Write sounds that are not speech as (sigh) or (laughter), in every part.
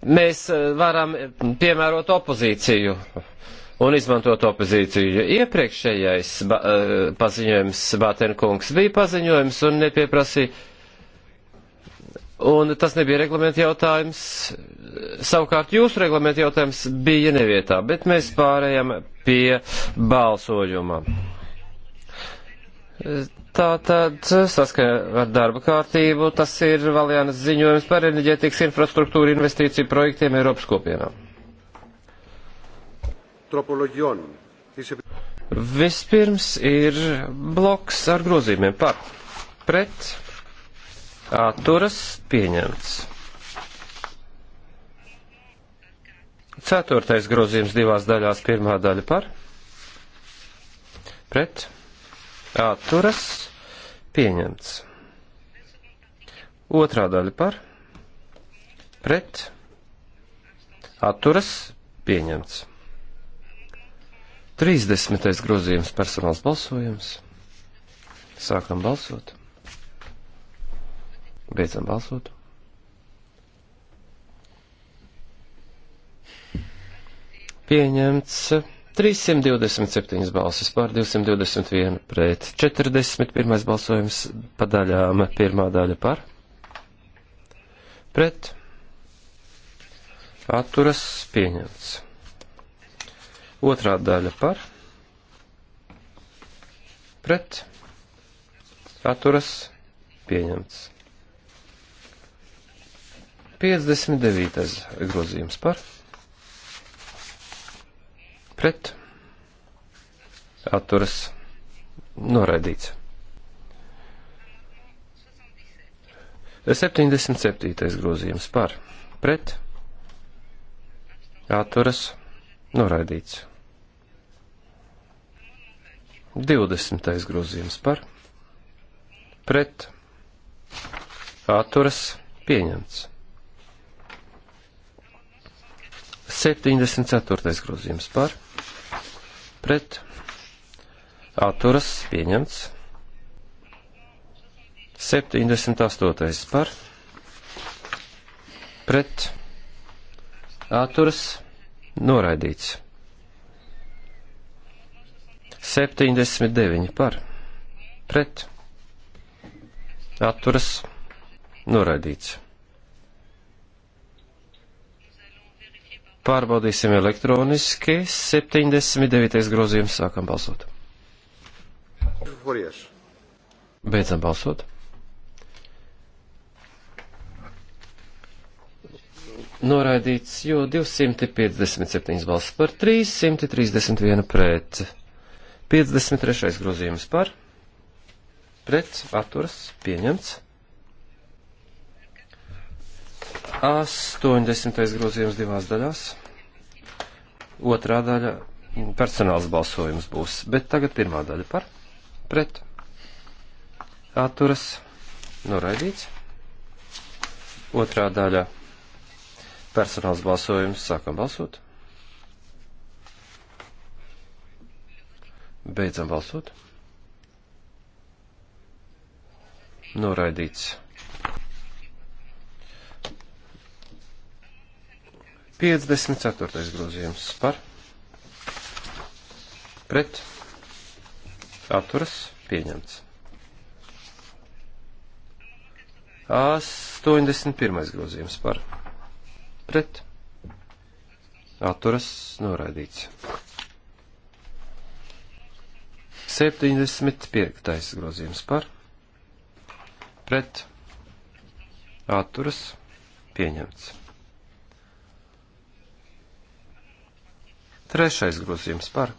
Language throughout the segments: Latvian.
mēs eh, varam eh, piemērot opozīciju un izmantot opozīciju. Iepriekšējais ba eh, paziņojums Bātenkungs bija paziņojums un nepieprasīja. Un tas nebija reglamenta jautājums. Savukārt jūsu reglamenta jautājums bija nevietā, bet mēs pārējām pie balsojuma. Tātad, saskaņā ar darba kārtību, tas ir Valjānas ziņojums par enerģētikas infrastruktūru investīciju projektiem Eiropas kopienā. Vispirms ir bloks ar grozījumiem par pret atturas pieņemts. Ceturtais grozījums divās daļās, pirmā daļa par pret atturas pieņemts. Otrā daļa par pret atturas pieņemts. 30. grozījums personāls balsojums. Sākam balsot. Beidzam balsot. Pieņemts 327 balsis pār 221 pret 41 balsojums pa daļām. Pirmā daļa par. Pret. Atturas pieņemts. Otrā daļa par. Pret. Atturas pieņemts. 59. grozījums par pret atturas noraidīts. 77. grozījums par pret atturas noraidīts. 20. grozījums par pret atturas pieņemts. 74. grozījums par pret pret atturas pieņemts. 78. par pret atturas noraidīts. 79 par pret atturas noraidīts. Pārbaudīsim elektroniski. 79. grozījums sākam balsot. Forieši. Beidzam balsot. Noraidīts, jo 257 balss par 331 pret. 53. grozījums par pret atturas pieņemts. 80. grozījums divās daļās. Otrā daļa personāls balsojums būs, bet tagad pirmā daļa par pret atturas noraidīts. Otrā daļa personāls balsojums sākam balsot. Beidzam balsot. Noraidīts. 54. grozījums par pret atturas pieņemts. 81. grozījums par pret atturas noraidīts. 75. grozījums par pret atturas pieņemts. Trešais grozījums par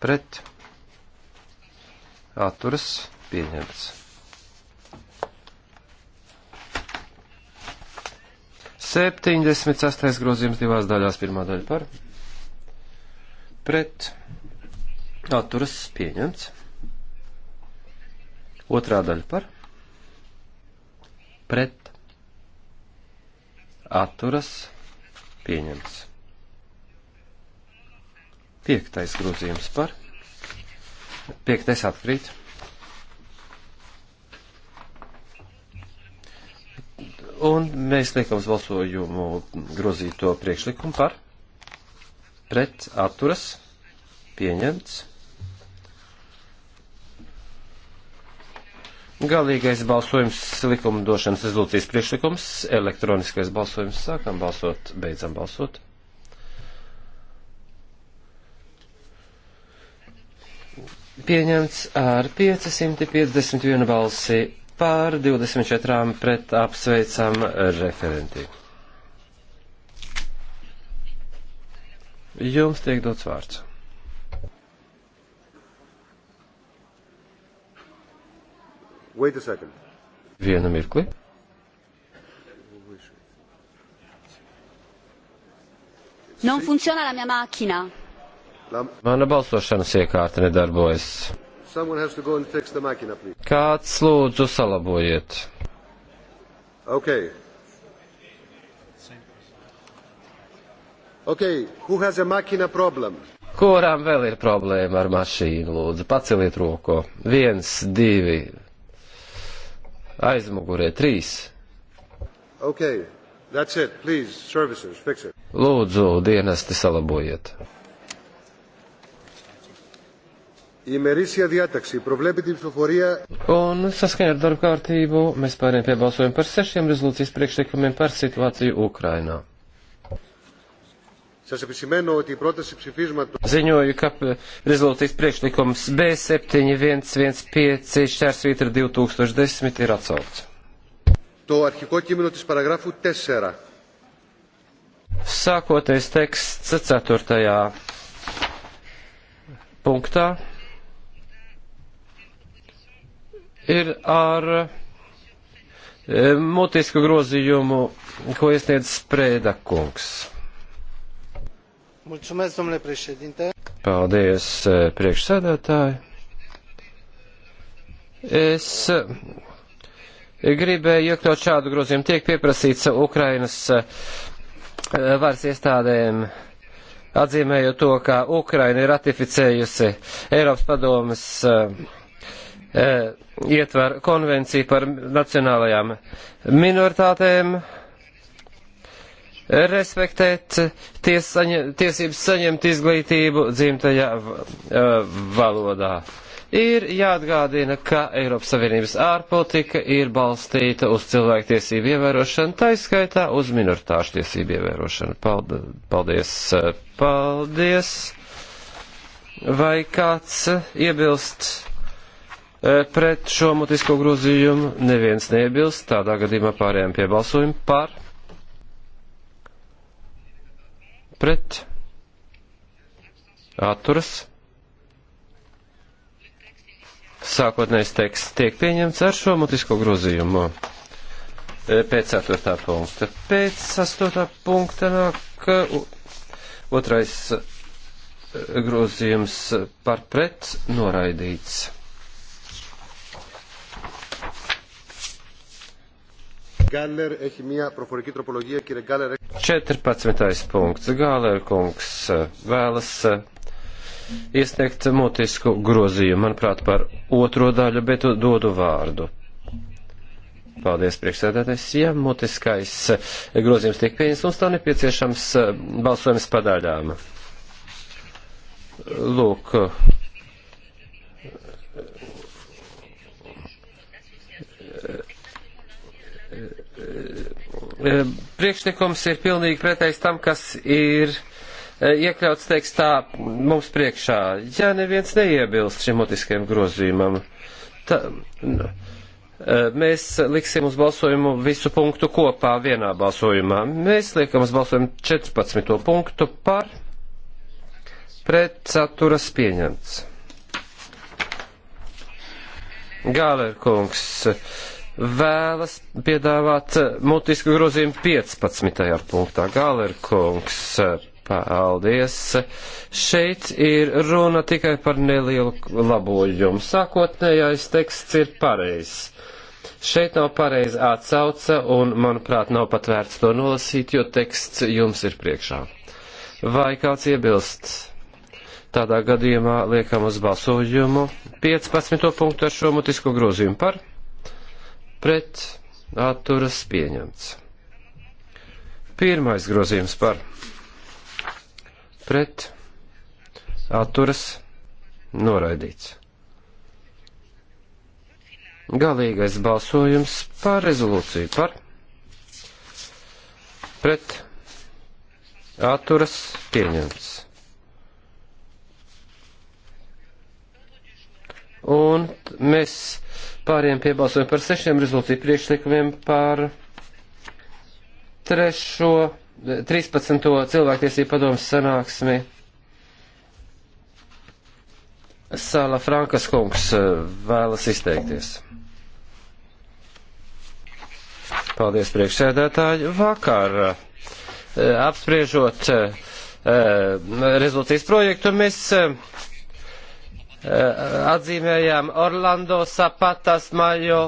pret atturas pieņemts. Septiņdesmit sastais grozījums divās daļās, pirmā daļa par pret atturas pieņemts. Otrā daļa par pret atturas pieņemts. Piektais grozījums par. Piektais atkrīt. Un mēs liekam uz balsojumu grozīto priekšlikumu par. Pret atturas. Pieņemts. Galīgais balsojums likumdošanas rezolūcijas priekšlikums, elektroniskais balsojums, sākam balsot, beidzam balsot. pieņemts ar 551 balsi pār 24 pret apsveicam referenti. Jums tiek dots vārds. Wait a second. Vienu mirkli. Non funziona la mia macchina. Mana balsošanas iekārta nedarbojas. Machina, Kāds lūdzu salabojiet? Okay. Okay. Kurām vēl ir problēma ar mašīnu, lūdzu, paceliet roko. Viens, divi, aizmugurē, trīs. Okay. It, Lūdzu, dienesti salabojiet. Η ημερήσια διάταξη προβλέπει την ψηφοφορία. Un saskaņā ar darba kārtību mēs pārējām pie balsojuma par sešiem rezolūcijas priekšlikumiem par situāciju Ukrainā. Ziņoju, ka rezolūcijas priekšlikums B7115 šķērsvītra 2010 ir atsaukts. To arhiko ķimino tis paragrafu 4. Sākoties teksts 4. punktā. ir ar e, mutisku grozījumu, ko iesniedz Sprēda kungs. Mulțumesc, domnule președinte. Paldies, e, priekšsēdētāji. Es e, gribēju iekļaut šādu grozījumu. Tiek pieprasīts Ukrainas varas iestādēm atzīmējot to, ka Ukraina ir ratificējusi Eiropas padomas E, ietver konvenciju par nacionālajām minoritātēm, respektēt ties saņa, tiesības saņemt izglītību dzimtajā e, valodā. Ir jāatgādina, ka Eiropas Savienības ārpolitika ir balstīta uz cilvēktiesību ievērošanu, taiskaitā uz minoritāšu tiesību ievērošanu. Paldies! Paldies! Vai kāds iebilst? Eh, pret šo mutisko grozījumu neviens neiebilst, tādā gadījumā pārējām pie balsojuma par. Pret. Atturas. Sākotnējais teksts tiek pieņemts ar šo mutisko grozījumu. Eh, pēc 4. punkta. Pēc 8. punkta nāk eh, otrais grozījums par pret noraidīts. Galler, 14. punkts. Galler kungs eh, vēlas eh, iesniegt mutisku grozījumu, manuprāt, par otro daļu, bet dodu vārdu. Paldies, priekšsēdētājs. Ja mutiskais eh, grozījums tiek pieņems, mums tā nepieciešams balsojums padaļām. Lūk, E, e, priekšlikums ir pilnīgi pretējs tam, kas ir e, iekļauts tekstā mums priekšā. Ja neviens neiebilst šim mutiskajam grozījumam, tad mēs liksim uz balsojumu visu punktu kopā vienā balsojumā. Mēs liekam uz balsojumu 14. punktu par pret saturas pieņemts. Gāler kungs. Uh, vēlas piedāvāt mutisku grozījumu 15. punktā. Galerkungs, paldies. Šeit ir runa tikai par nelielu labojumu. Sākotnējais teksts ir pareizs. Šeit nav pareizi atsauca un, manuprāt, nav pat vērts to nolasīt, jo teksts jums ir priekšā. Vai kāds iebilst? Tādā gadījumā liekam uz balsojumu 15. punktu ar šo mutisko grozījumu par pret atturas pieņemts. Pirmais grozījums par pret atturas noraidīts. Galīgais balsojums par rezolūciju par pret atturas pieņemts. Un mēs Pāriem pie balsojuma par sešiem rezultātu priekšlikumiem par trešo, 13. Eh, cilvēktiesību padomas sanāksmi. Sāla Frankas kungs eh, vēlas izteikties. Paldies priekšsēdētāji. Vakar eh, apspriežot rezultātu projektu, mēs Eh, atzīmējām Orlando Sapatas Majo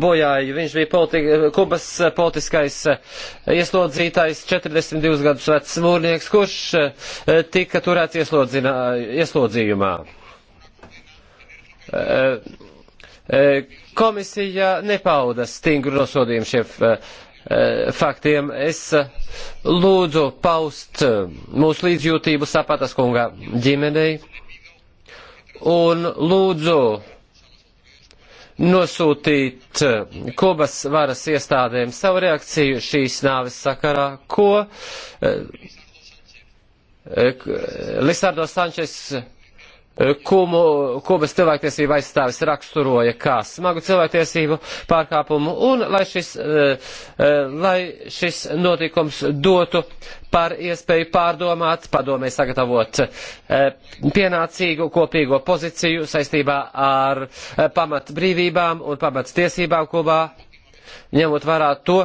bojāju. Viņš bija politi Kubas politiskais eh, ieslodzītais, 42 gadus vecs mūrnieks, kurš eh, tika turēts ieslodzījumā. Komisija nepauda stingru nosodījumu šiem faktiem. Es lūdzu paust mūsu līdzjūtību Sapatas kungā ģimenei un lūdzu nosūtīt eh, Kubas varas iestādēm savu reakciju šīs nāves sakarā, ko eh, eh, Lisardo Sančes Kumu, eh, Kubas cilvēktiesība aizstāvis raksturoja kā smagu cilvēktiesību pārkāpumu un lai šis, eh, eh, lai šis notikums dotu par iespēju pārdomāt, padomē sagatavot pienācīgu kopīgo pozīciju saistībā ar pamat brīvībām un pamat tiesībām Kubā, ņemot vērā to,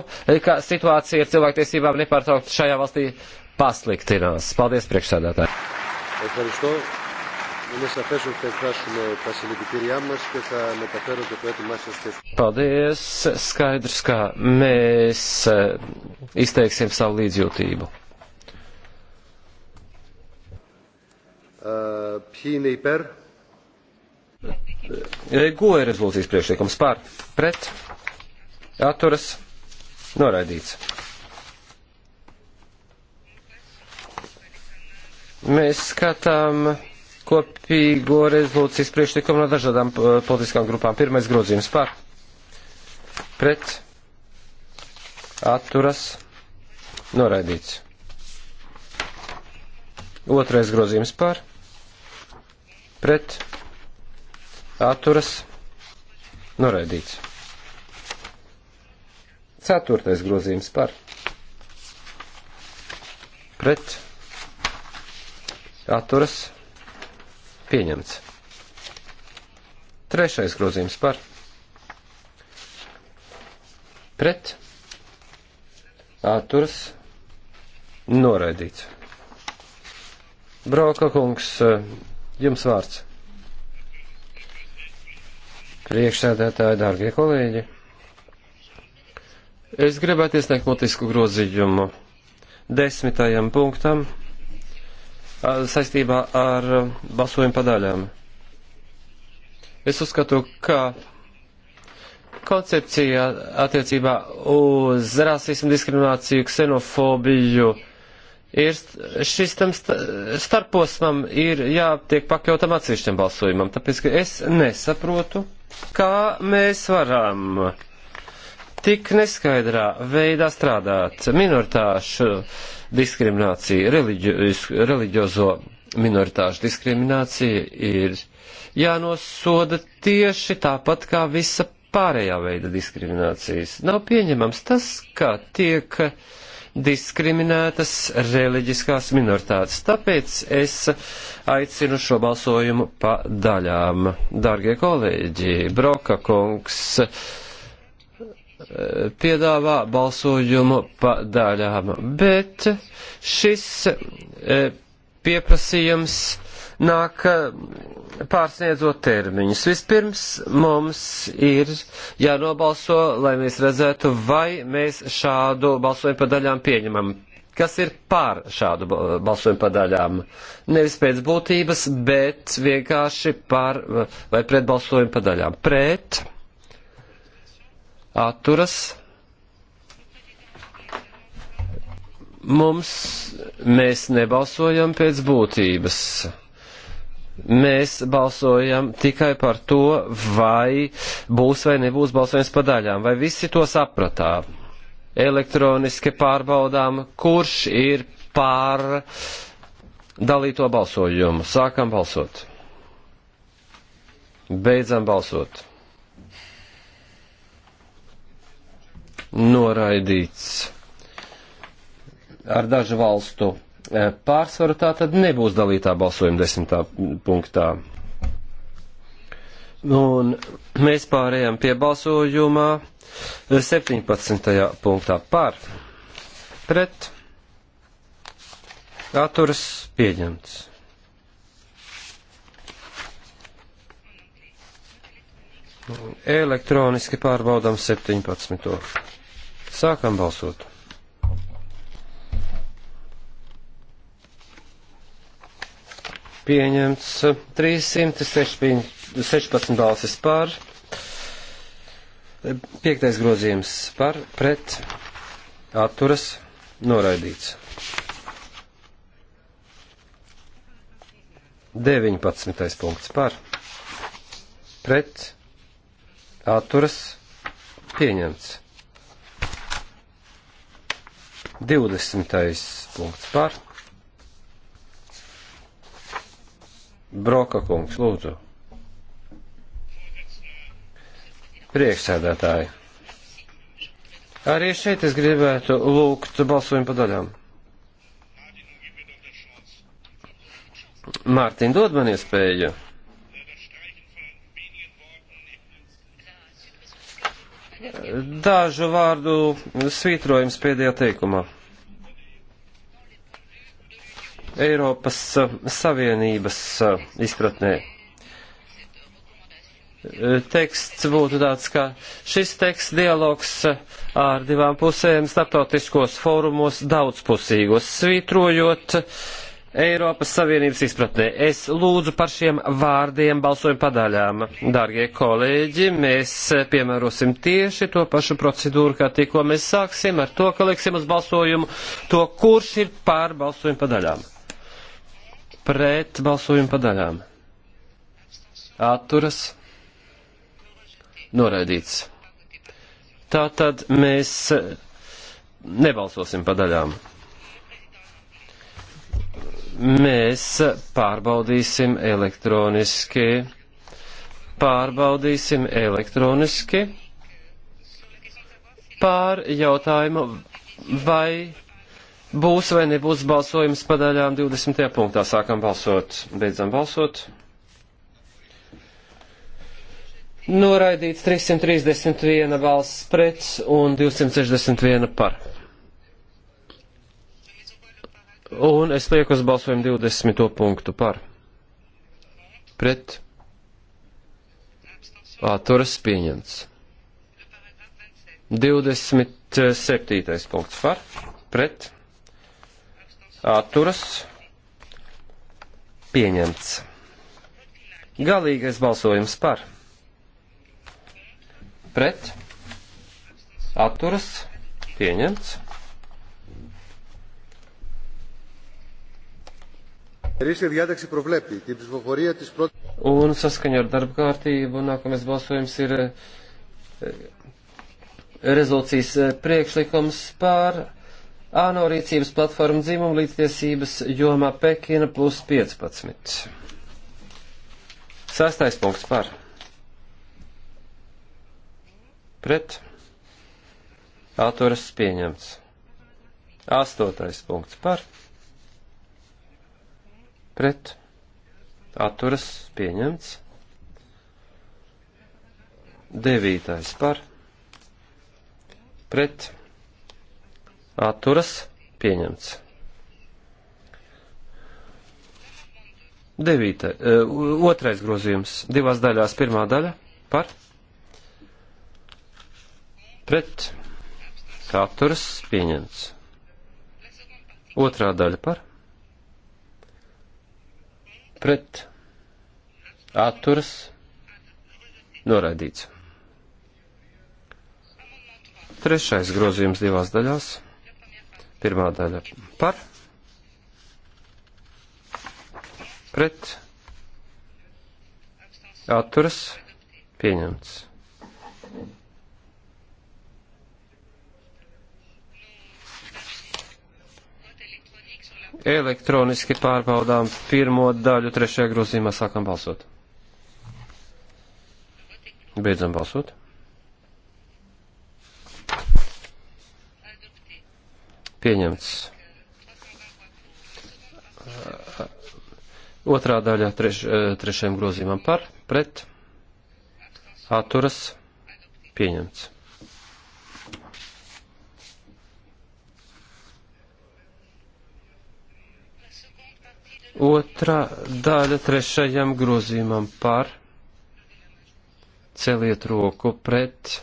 ka situācija ar cilvēktiesībām nepārtraukti šajā valstī pasliktinās. Paldies priekšsēdētāji! Είναι σαφές ότι θα εκφράσουμε τα συλληπιτήριά μας και θα μεταφέρω και το έτοιμά σας και... Paldies! Skaidrs, ka mēs izteiksim savu līdzjūtību. Ποιοι είναι υπέρ? Goja rezolūcijas priekšlikums pār, pret, atturas, noraidīts. Mēs skatām kopīgo rezolūcijas priekšlikumu no dažādām eh, politiskām grupām. Pirmais grozījums par, pret, atturas, noraidīts. Otrais grozījums par, pret, atturas, noraidīts. Ceturtais grozījums par, pret, atturas, noraidīts Pieņemts. Trešais grozījums par. Pret. Atturs. Noraidīts. Brauka kungs, jums vārds. Priekšsēdētāji, dārgie kolēģi. Es gribētu iesniegt mutisku grozījumu desmitajam punktam saistībā ar um, balsojumu padaļām. Es uzskatu, ka koncepcija attiecībā uz rasismu, diskrimināciju, ksenofobiju ir šis tam starposmam ir jātiek pakļautam atsevišķam balsojumam, tāpēc, ka es nesaprotu, kā mēs varam tik neskaidrā veidā strādāt minoritāšu uh, diskriminācija, reliģiozo minoritāšu diskriminācija ir jānosoda tieši tāpat kā visa pārējā veida diskriminācijas. Nav pieņemams tas, kā tiek diskriminētas reliģiskās minoritātes. Tāpēc es aicinu šo balsojumu pa daļām. Dargie kolēģi, Broka kungs, piedāvā balsojumu pa daļām, bet šis e, pieprasījums nāk e, pārsniedzot termiņus. Vispirms mums ir jānobalso, lai mēs redzētu, vai mēs šādu balsojumu pa daļām pieņemam. Kas ir pār šādu balsojumu pa daļām? Nevis pēc būtības, bet vienkārši pār vai pret balsojumu pa daļām. Pret atturas. Mums, mēs nebalsojam pēc būtības. Mēs balsojam tikai par to, vai būs vai nebūs balsojums pa daļām, vai visi to sapratā. Elektroniski pārbaudām, kurš ir pār dalīto balsojumu. Sākam balsot. Beidzam balsot. noraidīts ar dažu valstu eh, pārsvaru, tā tad nebūs dalītā balsojuma desmitā punktā. Un mēs pārējām pie balsojumā eh, 17. punktā par pret atturas pieņemts. Elektroniski pārbaudām 17. Sākam balsot. Pieņemts 316 balsis par, piektais grozījums par, pret, atturas, noraidīts. 19. punkts par, pret, atturas, pieņemts. 20. punkts par. Broka kungs, lūdzu. Priekšsēdētāji. Arī šeit es gribētu lūgt balsojumu pa daļām. Mārtiņ, dod man iespēju. Ja Dažu vārdu svītrojums pēdējā teikumā. Eiropas eh, Savienības eh, izpratnē. Eh, teksts būtu tāds, ka šis teksts dialogs ar divām pusēm starptautiskos fórumos daudzpusīgos, svītrojot uh, Eiropas Savienības izpratnē. Es lūdzu par šiem vārdiem balsojumu padaļām. Dārgie kolēģi, mēs piemērosim tieši to pašu procedūru, kā tikko mēs sāksim ar to, ka liksim uz balsojumu to, kurš ir pār balsojumu padaļām. Pret balsojumu padaļām. Atturas. Noraidīts. Tātad mēs nebalsosim padaļām mēs pārbaudīsim elektroniski. Pārbaudīsim elektroniski pār jautājumu, vai būs vai nebūs balsojums padaļām 20. punktā. Sākam balsot, beidzam balsot. Noraidīts 331 balss pret un 261 par. Un es lieku uz balsojumu 20. punktu par. Pret. Atturas pieņemts. 27. punkts par. Pret. Atturas pieņemts. Galīgais balsojums par. Pret. Atturas pieņemts. Un saskaņā ar darba kārtību nākamais balsojums ir eh, rezolūcijas eh, priekšlikums pār ANO rīcības platformu dzimumu līdztiesības jomā Pekina plus 15. Sastais punkts par. Pret. Autoras pieņemts. Astotais punkts par pret atturas pieņemts. Devītais par pret atturas pieņemts. Devīta, eh, otrais grozījums divās daļās. Pirmā daļa par pret atturas pieņemts. Otrā daļa par pret atturas noraidīts. Trešais grozījums divās daļās. Pirmā daļa par, pret, atturas, pieņemts. Elektroniski pārbaudām pirmo daļu trešajā grozījumā sākam balsot. Beidzam balsot. Pieņemts. Otrā daļa treš, trešajam grozījumam par, pret, atturas, pieņemts. Otra daļa trešajam grozījumam par celiet roku pret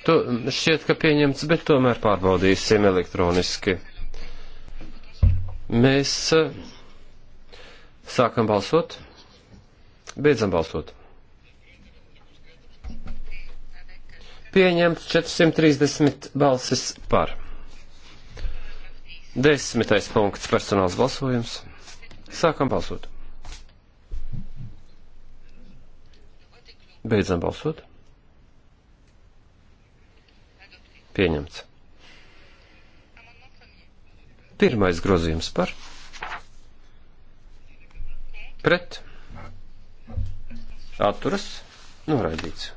Tu šķiet, ka pieņemts, bet tomēr pārbaudīsim elektroniski. Mēs eh, sākam balsot, beidzam balsot. pieņemts 430 balsis par. Desmitais punkts - personāls balsojums. Sākam balsot. Beidzam balsot. Pieņemts. Pirmais grozījums par. Pret. Atturas. Noraidīts.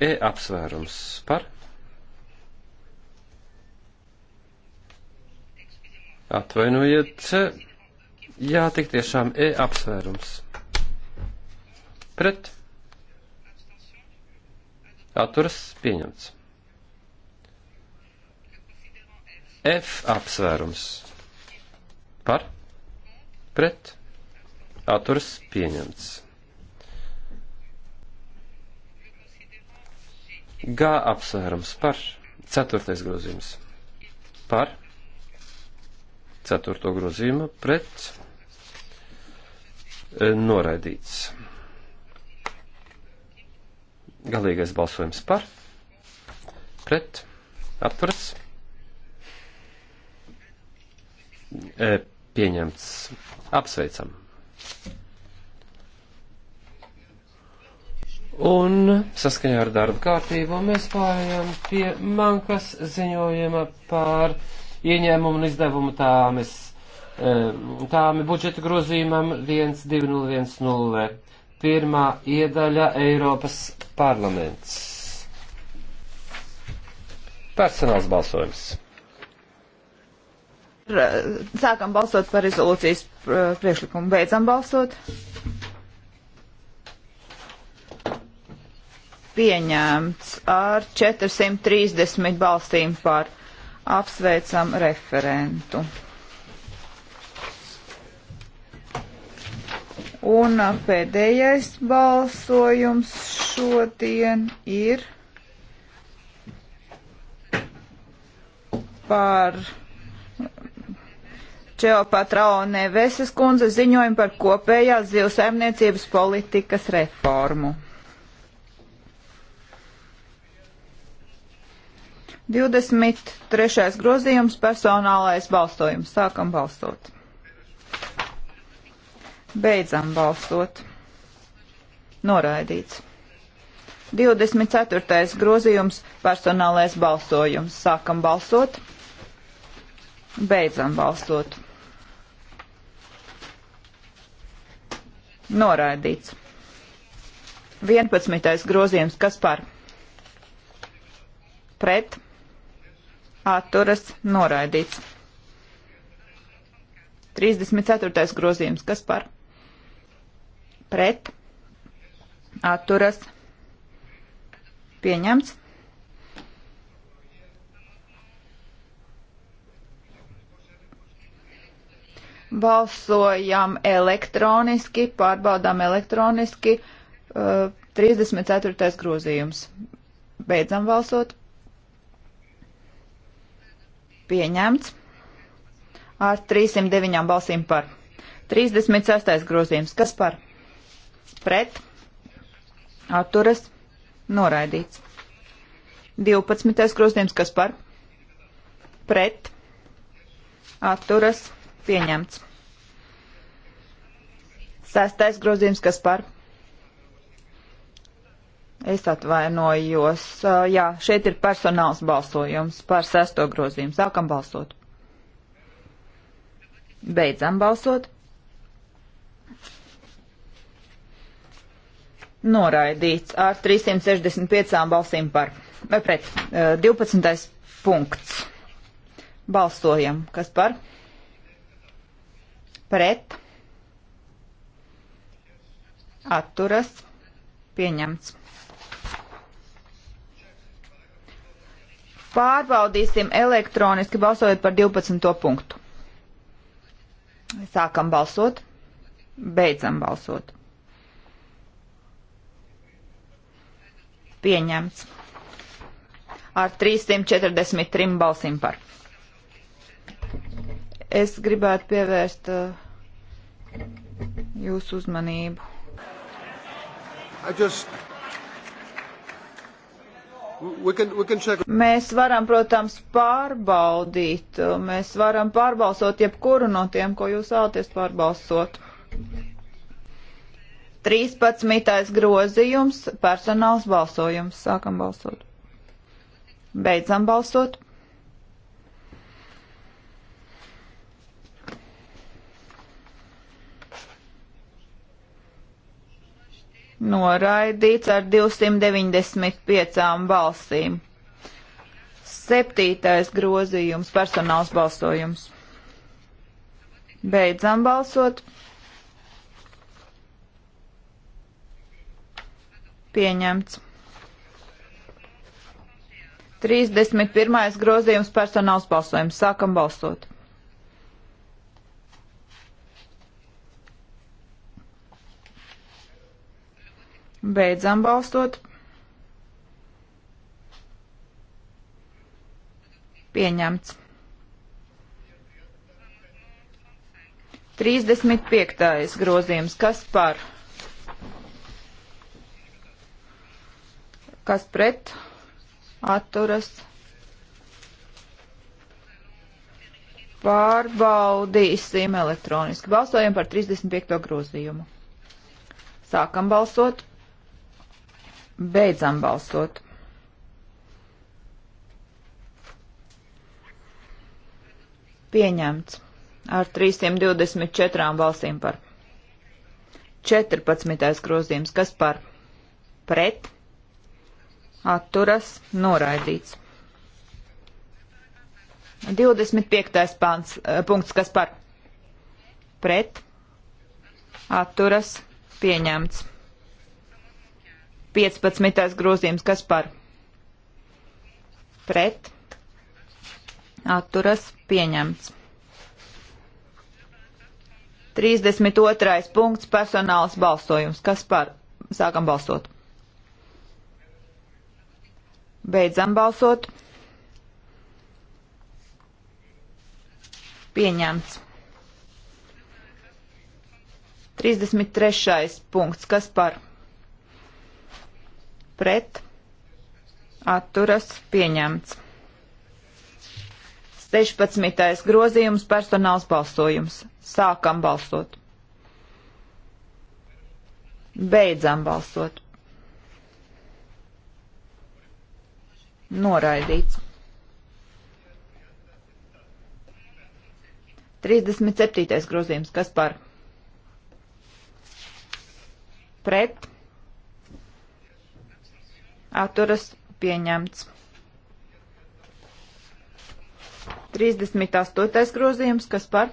E apsvērums par. Atvainojiet, jā, tik tiešām E apsvērums. Pret. Atturas pieņemts. F apsvērums. Par. Pret. Atturas pieņemts. G apsvērums par ceturtais grozījums. Par ceturto grozījumu pret e, noraidīts. Galīgais balsojums par pret atturas. E, pieņemts. Apsveicam. Un saskaņā ar darba kārtību mēs pārējām pie mankas ziņojuma par ieņēmumu un izdevumu tāmes, tāmi budžeta grozījumam 12010. Pirmā iedaļa Eiropas parlaments. Personāls balsojums. Sākam balsot par rezolūcijas eh, priekšlikumu, beidzam balsot. pieņemts ar 430 balsīm par apsveicam referentu. Un pēdējais balsojums šodien ir par Čeopatraone Veses kundze ziņojumu par kopējās zivsaimniecības politikas reformu. 23. grozījums personālais balsojums. Sākam balsot. Beidzam balsot. Noraidīts. 24. grozījums personālais balsojums. Sākam balsot. Beidzam balsot. Noraidīts. 11. grozījums. Kas par? Pret atturas noraidīts. 34. grozījums, kas par pret atturas pieņemts. Balsojam elektroniski, pārbaudām elektroniski. Uh, 34. grozījums. Beidzam balsot pieņemts ar 309 balsīm par. 36. grozījums. Kas par? Pret. Atturas. Noraidīts. 12. grozījums. Kas par? Pret. Atturas. Pieņemts. 6. grozījums. Kas par? Es atvainojos. Uh, jā, šeit ir personāls balsojums par sesto grozījumu. Sākam balsot. Beidzam balsot. Noraidīts ar 365 balsīm par. Vai pret? 12. Uh, punkts. Balsojam. Kas par? Pret. Atturas. Pieņemts. Pārbaudīsim elektroniski balsojot par 12. punktu. Sākam balsot, beidzam balsot. Pieņemts ar 343 balsīm par. Es gribētu pievērst uh, jūsu uzmanību. I just We can, we can mēs varam, protams, pārbaudīt. Mēs varam pārbalsot jebkuru no tiem, ko jūs vēlaties pārbalsot. 13. grozījums - personāls balsojums. Sākam balsot. Beidzam balsot. noraidīts ar 295 balsīm. Septītais grozījums - personāls balsojums. Beidzam balsot. Pieņemts. 31. grozījums - personāls balsojums. Sākam balsot. Beidzam balstot. Pieņemts. 35. grozījums. Kas par? Kas pret? Atturas. Pārbaudīsim elektroniski. Balsojam par 35. grozījumu. Sākam balsot. Beidzam balsot. Pieņemts ar 324 balsīm par. 14. grozījums, kas par pret, atturas, noraidīts. 25. Pāns, eh, punkts, kas par pret, atturas, pieņemts. 15. grozījums, kas par pret atturas pieņemts. 32. punkts personāls balsojums. Kas par? Sākam balsot. Beidzam balsot. Pieņemts. 33. punkts. Kas par? pret atturas pieņemts. 16. grozījums personāls balsojums. Sākam balsot. Beidzam balsot. Noraidīts. 37. grozījums. Kas par? Pret atturas pieņemts. 38. grozījums, kas par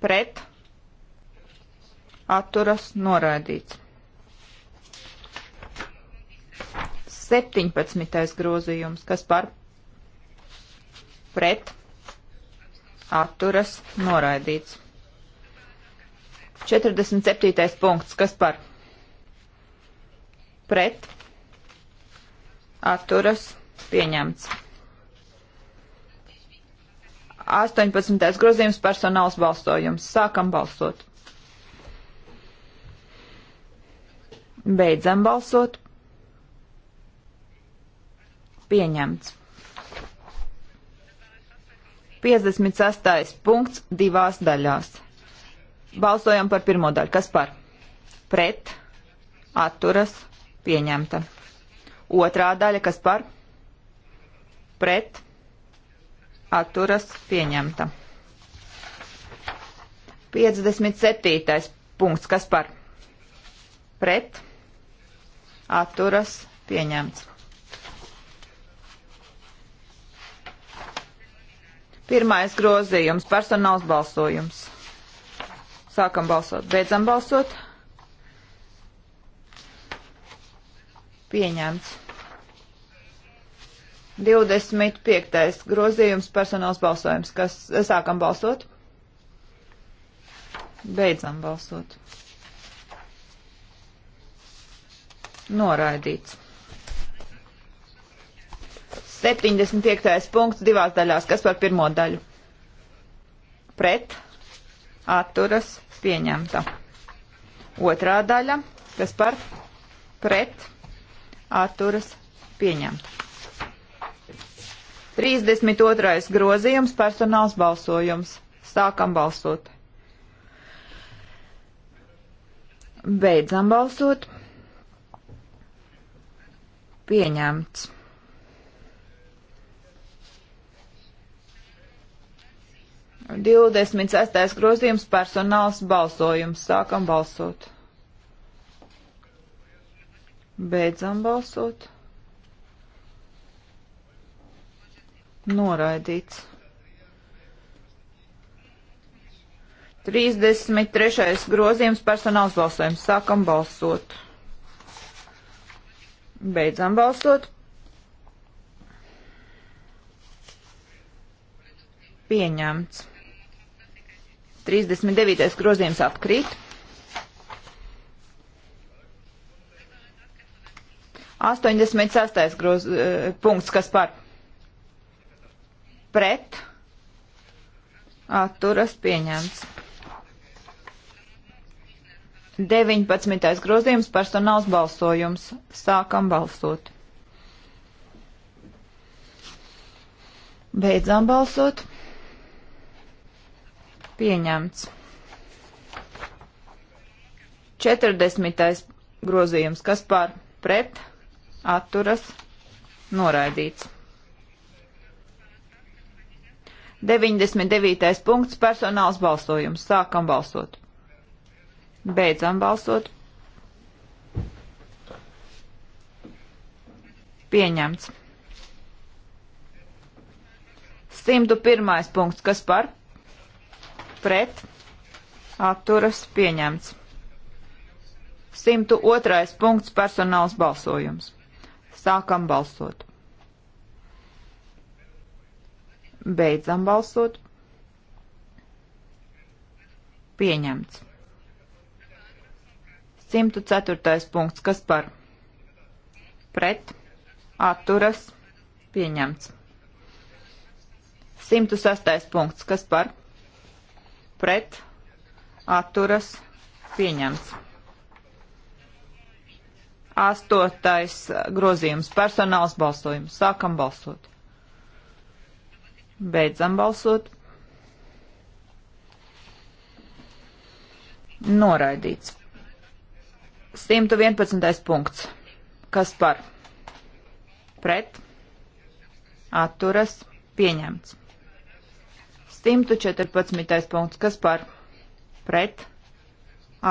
pret atturas noraidīts. 17. grozījums, kas par pret atturas noraidīts. 47. punkts, kas par pret atturas pieņemts. 18. grozījums personāls balsojums. Sākam balsot. Beidzam balsot. Pieņemts. 56. punkts divās daļās. Balsojam par pirmo daļu. Kas par? Pret, atturas, pieņemta. Otrā daļa, kas par pret atturas pieņemta. 57. punkts, kas par pret atturas pieņemts. Pirmais grozījums - personāls balsojums. Sākam balsot, beidzam balsot. Pieņemts. 25. grozījums personāls balsojums. Kas sākam balsot? Beidzam balsot. Noraidīts. 75. punkts divās daļās. Kas par pirmo daļu? Pret, atturas, pieņemta. Otrā daļa. Kas par pret, atturas pieņemt. 32. grozījums personāls balsojums. Sākam balsot. Beidzam balsot. Pieņemts. Divdesmit sestais grozījums personāls balsojums. Sākam balsot. Beidzam balsot. Noraidīts. 33. grozījums personāls balsojums. Sākam balsot. Beidzam balsot. Pieņemts. 39. grozījums atkrīt. 86. Grūz, eh, punkts, kas par pret atturas pieņemts. 19. grozījums personāls balsojums. Sākam balsot. Beidzām balsot. Pieņemts. 40. grozījums. Kas par pret? atturas noraidīts. 99. punkts personāls balsojums. Sākam balsot. Beidzam balsot. Pieņemts. 101. punkts. Kas par? Pret. Atturas pieņemts. 102. punkts personāls balsojums. Sākam balsot. Beidzam balsot. Pieņemts. 104. punkts. Kas par? Pret. Atturas. Pieņemts. 106. punkts. Kas par? Pret. Atturas. Pieņemts. Astotais uh, grozījums. Personāls balsojums. Sākam balsot. Beidzam balsot. Noraidīts. 111. punkts. Kas par? Pret. Atturas. Pieņemts. 114. punkts. Kas par? Pret.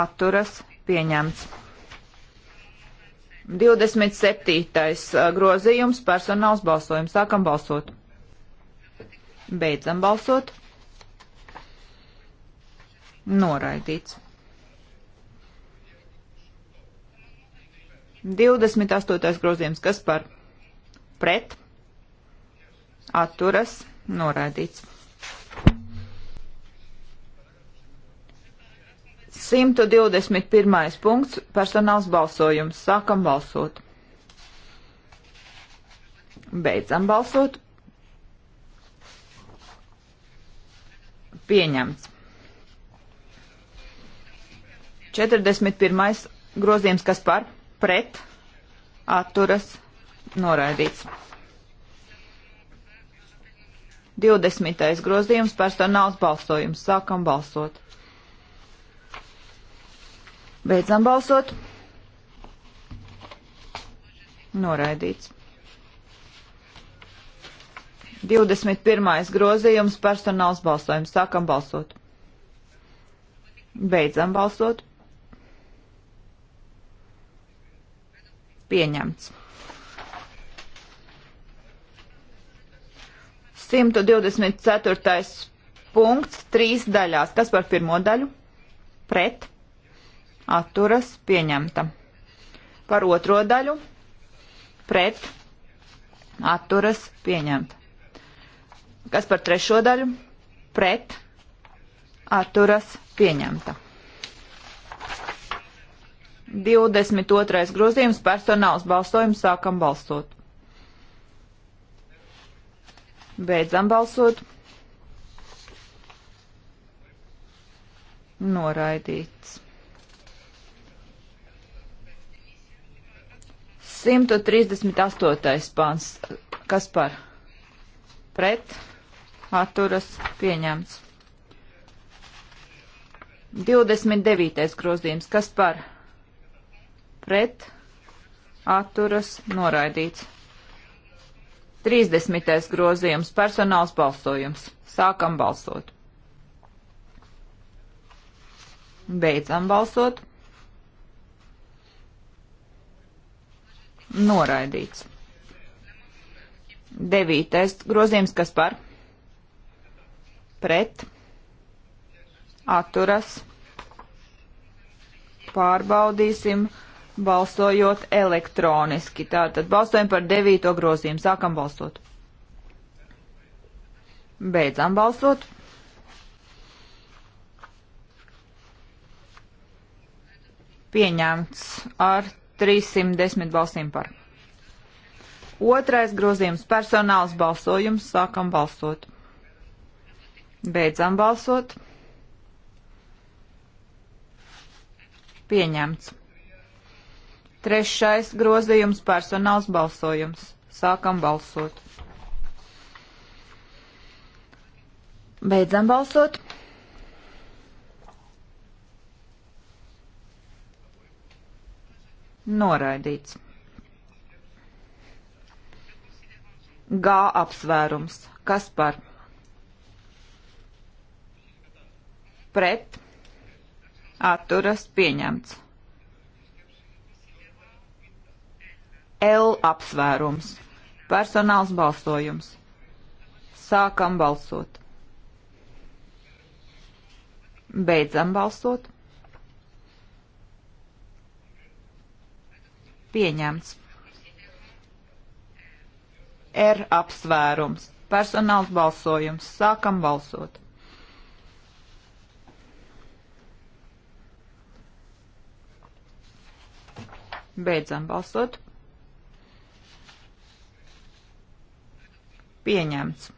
Atturas. Pieņemts. 27. Uh, grozījums personāls balsojums. Sākam balsot. Beidzam balsot. Noraidīts. 28. grozījums. Kas par? Pret. Atturas. Noraidīts. 121. punkts - personāls balsojums. Sākam balsot. Beidzam balsot. Pieņemts. 41. grozījums, kas par pret atturas noraidīts. 20. grozījums personāls balsojums. Sākam balsot. Beidzam balsot. Noraidīts. 21. grozījums personāls balsojums. Sākam balsot. Beidzam balsot. Pieņemts. 124. punkts trīs daļās. Kas par pirmo daļu? Pret atturas pieņemta. Par otro daļu pret atturas pieņemta. Kas par trešo daļu pret atturas pieņemta. 22. grozījums personāls balsojums sākam balsot. Beidzam balsot. Noraidīts. 138. pāns. Kas par? Pret. Atturas pieņemts. 29. grozījums. Kas par? Pret. Atturas noraidīts. 30. grozījums. Personāls balsojums. Sākam balsot. Beidzam balsot. Noraidīts. Devītais grozījums, kas par? Pret. Atturas. Pārbaudīsim balsojot elektroniski. Tātad balsojam par devīto grozījumu. Sākam balsot. Beidzam balsot. Pieņemts ar 310 balsīm par. Otrais grozījums - personāls balsojums. Sākam balsot. Beidzam balsot. Pieņemts. Trešais grozījums - personāls balsojums. Sākam balsot. Beidzam balsot. Noraidīts. G apsvērums. Kas par? Pret. Atturas pieņemts. L apsvērums. Personāls balsojums. Sākam balsot. Beidzam balsot. pieņemts. R apsvērums. Personāls balsojums. Sākam balsot. Beidzam balsot. Pieņemts.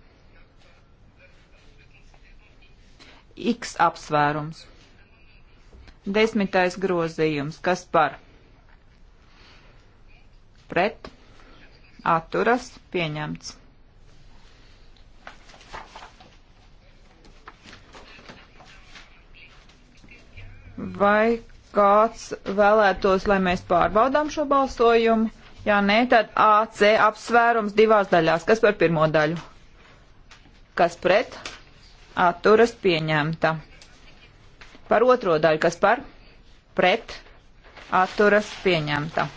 X apsvērums. Desmitais grozījums. Kas par? pret, atturas, pieņemts. Vai kāds vēlētos, lai mēs pārbaudām šo balsojumu? Jā, nē, tad AC apsvērums divās daļās. Kas par pirmo daļu? Kas pret? Atturas pieņemta. Par otro daļu, kas par? Pret? Atturas pieņemta.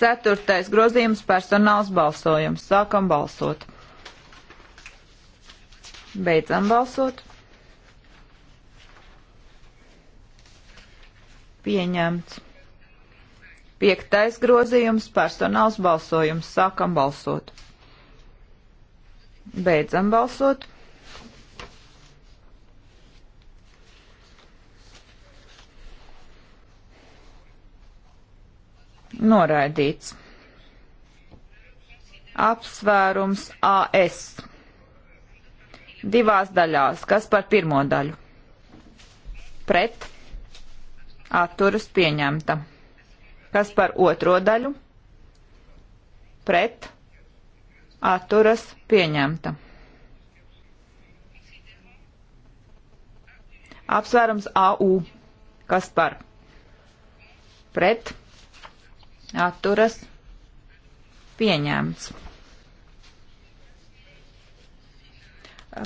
Ceturtais grozījums personāls balsojums. Sākam balsot. Beidzam balsot. Pieņemts. Piektais grozījums - personāls balsojums. Sākam balsot. Beidzam balsot. Noraidīts. Apsvērums AS. Divās daļās. Kas par pirmo daļu? Pret. Atturas pieņemta. Kas par otro daļu? Pret. Atturas pieņemta. Apsvērums AU. Kas par? Pret atturas pieņemts.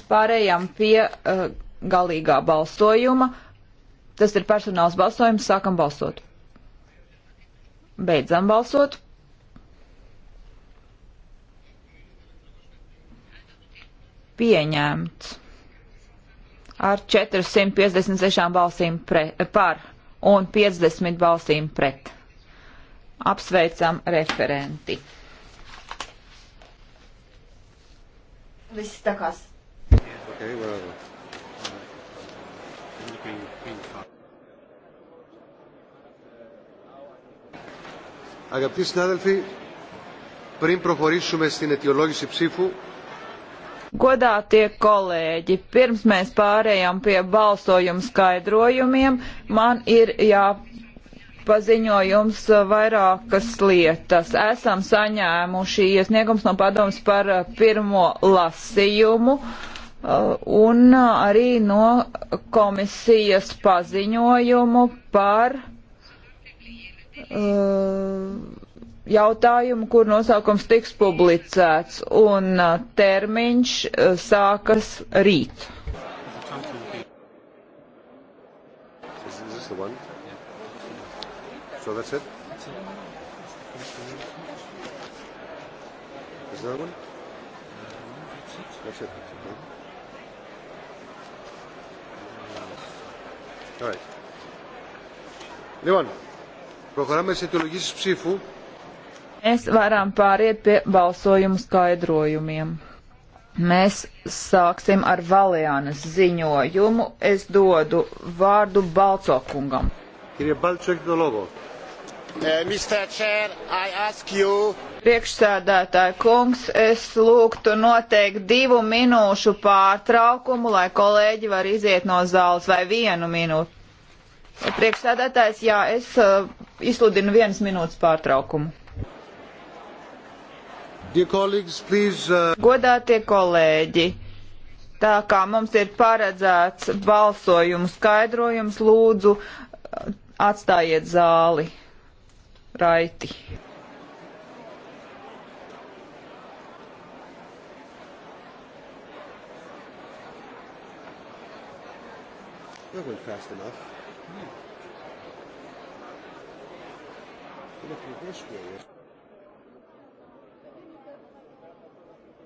Pārējām pie uh, galīgā balsojuma. Tas ir personāls balsojums. Sākam balsot. Beidzam balsot. Pieņemts ar 456 balsīm pre, par un 50 balsīm pret. Apsveicam referenti. Viss tā kā. Okay, well. Αγαπητοί συνάδελφοι, πριν προχωρήσουμε στην αιτιολόγηση ψήφου, Godātie kolēģi, pirms mēs pārējām pie balsojuma skaidrojumiem, man ir jā, paziņojums eh, vairākas lietas. Esam saņēmuši iesniegums no padoms par eh, pirmo lasījumu eh, un arī no komisijas paziņojumu par jautājumu, kur nosaukums tiks publicēts, un termiņš sākas rīt. Is, is this the one? So that's it? Is there one? That's it. All right. Λοιπόν, προχωράμε σε αιτιολογήσεις ψήφου. Mēs varam pāriet pie balsojumu skaidrojumiem. Mēs sāksim ar Valianas ziņojumu. Es dodu vārdu Balcokungam. Κύριε Μπάλτσο, έχετε το λόγο. Uh, Chair, you... Priekšsēdētāji kungs, es lūgtu noteikti divu minūšu pārtraukumu, lai kolēģi var iziet no zāles vai vienu minūtu. Priekšsēdētājs, jā, es uh, izsludinu vienas minūtes pārtraukumu. Please, uh... Godātie kolēģi, tā kā mums ir paredzēts balsojumu skaidrojums, lūdzu uh, atstājiet zāli raiti. That went fast enough. Yeah. But if you this way,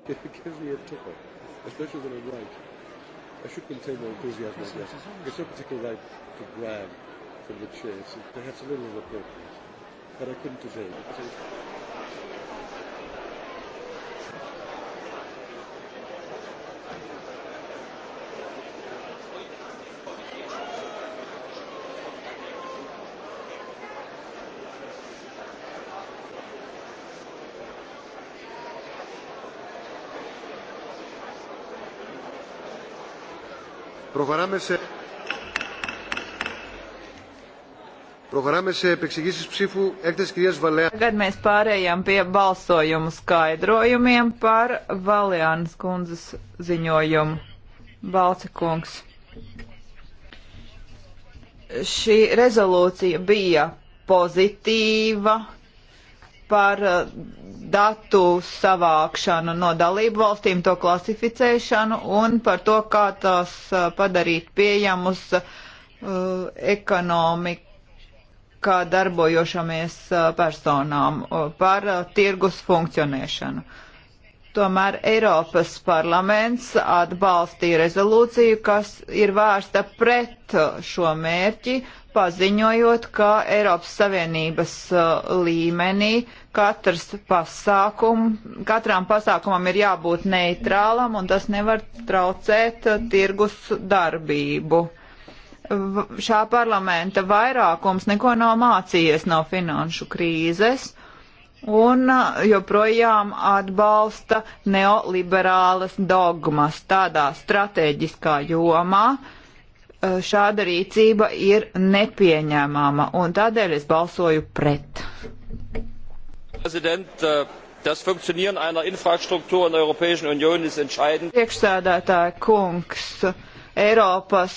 (laughs) it gives me a tickle, especially when I'm right. I should contain my enthusiasm, I guess. It's not particularly right to brag from the chase. It's perhaps a little inappropriate but I couldn't evade it. Προχωράμε σε Προχωράμε σε επεξηγήσεις ψήφου έκθεση κυρίας Βαλέα. Tagad mēs pārējām pie balsojumu skaidrojumiem par Valēnas kundzes ziņojumu. Balci kungs. Šī rezolūcija bija pozitīva par eh, datu savākšanu no dalību valstīm, to klasificēšanu un par to, kā tās eh, padarīt pieejamus uh, eh, ekonomiku kā darbojošamies personām par tirgus funkcionēšanu. Tomēr Eiropas parlaments atbalstīja rezolūciju, kas ir vērsta pret šo mērķi, paziņojot, ka Eiropas Savienības līmenī katrs pasākum, katram pasākumam ir jābūt neitrālam un tas nevar traucēt tirgus darbību. Uh, šā parlamenta vairākums neko nav mācījies no finanšu krīzes un joprojām atbalsta neoliberālas dogmas tādā strateģiskā jomā. Šāda rīcība ir nepieņēmama, un tādēļ es balsoju pret. Priekšsēdētāja kungs, Eiropas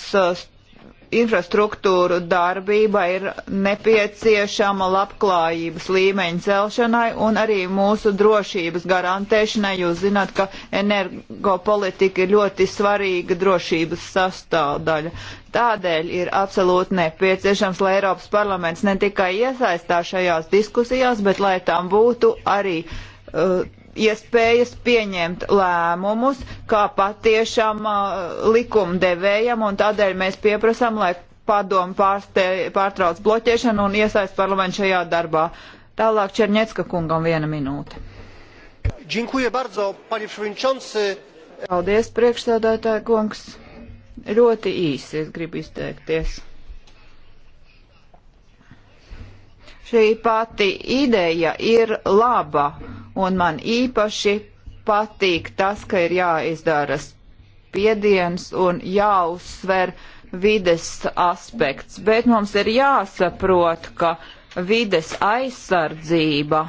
infrastruktūru darbība ir nepieciešama labklājības līmeņa celšanai un arī mūsu drošības garantēšanai. Jūs zināt, ka energopolitika ir ļoti svarīga drošības sastāvdaļa. Tādēļ ir absolūti nepieciešams, lai Eiropas parlaments ne tikai iesaistās šajās diskusijās, bet lai tām būtu arī uh, iespējas pieņemt lēmumus, kā patiešām uh, likumdevējam, un tādēļ mēs pieprasām, lai padomu pārste, pārtrauc bloķēšanu un iesaist parlamentu šajā darbā. Tālāk Černiecka kungam viena minūte. Bardzo, Paldies, priekšsēdētāji kungs. Ļoti īsi es gribu izteikties. Šī pati ideja ir laba un man īpaši patīk tas, ka ir jāizdara spiediens un jāuzsver vides aspekts, bet mums ir jāsaprot, ka vides aizsardzība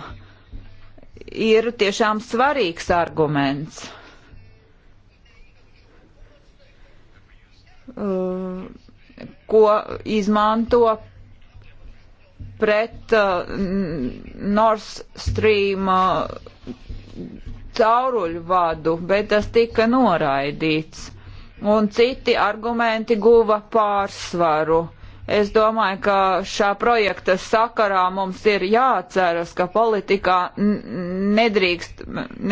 ir tiešām svarīgs arguments. Uh, ko izmanto pret uh, Nord Stream uh, cauruļu vadu, bet tas tika noraidīts. Un citi argumenti guva pārsvaru. Es domāju, ka šā projekta sakarā mums ir jāatceras, ka politikā nedrīkst,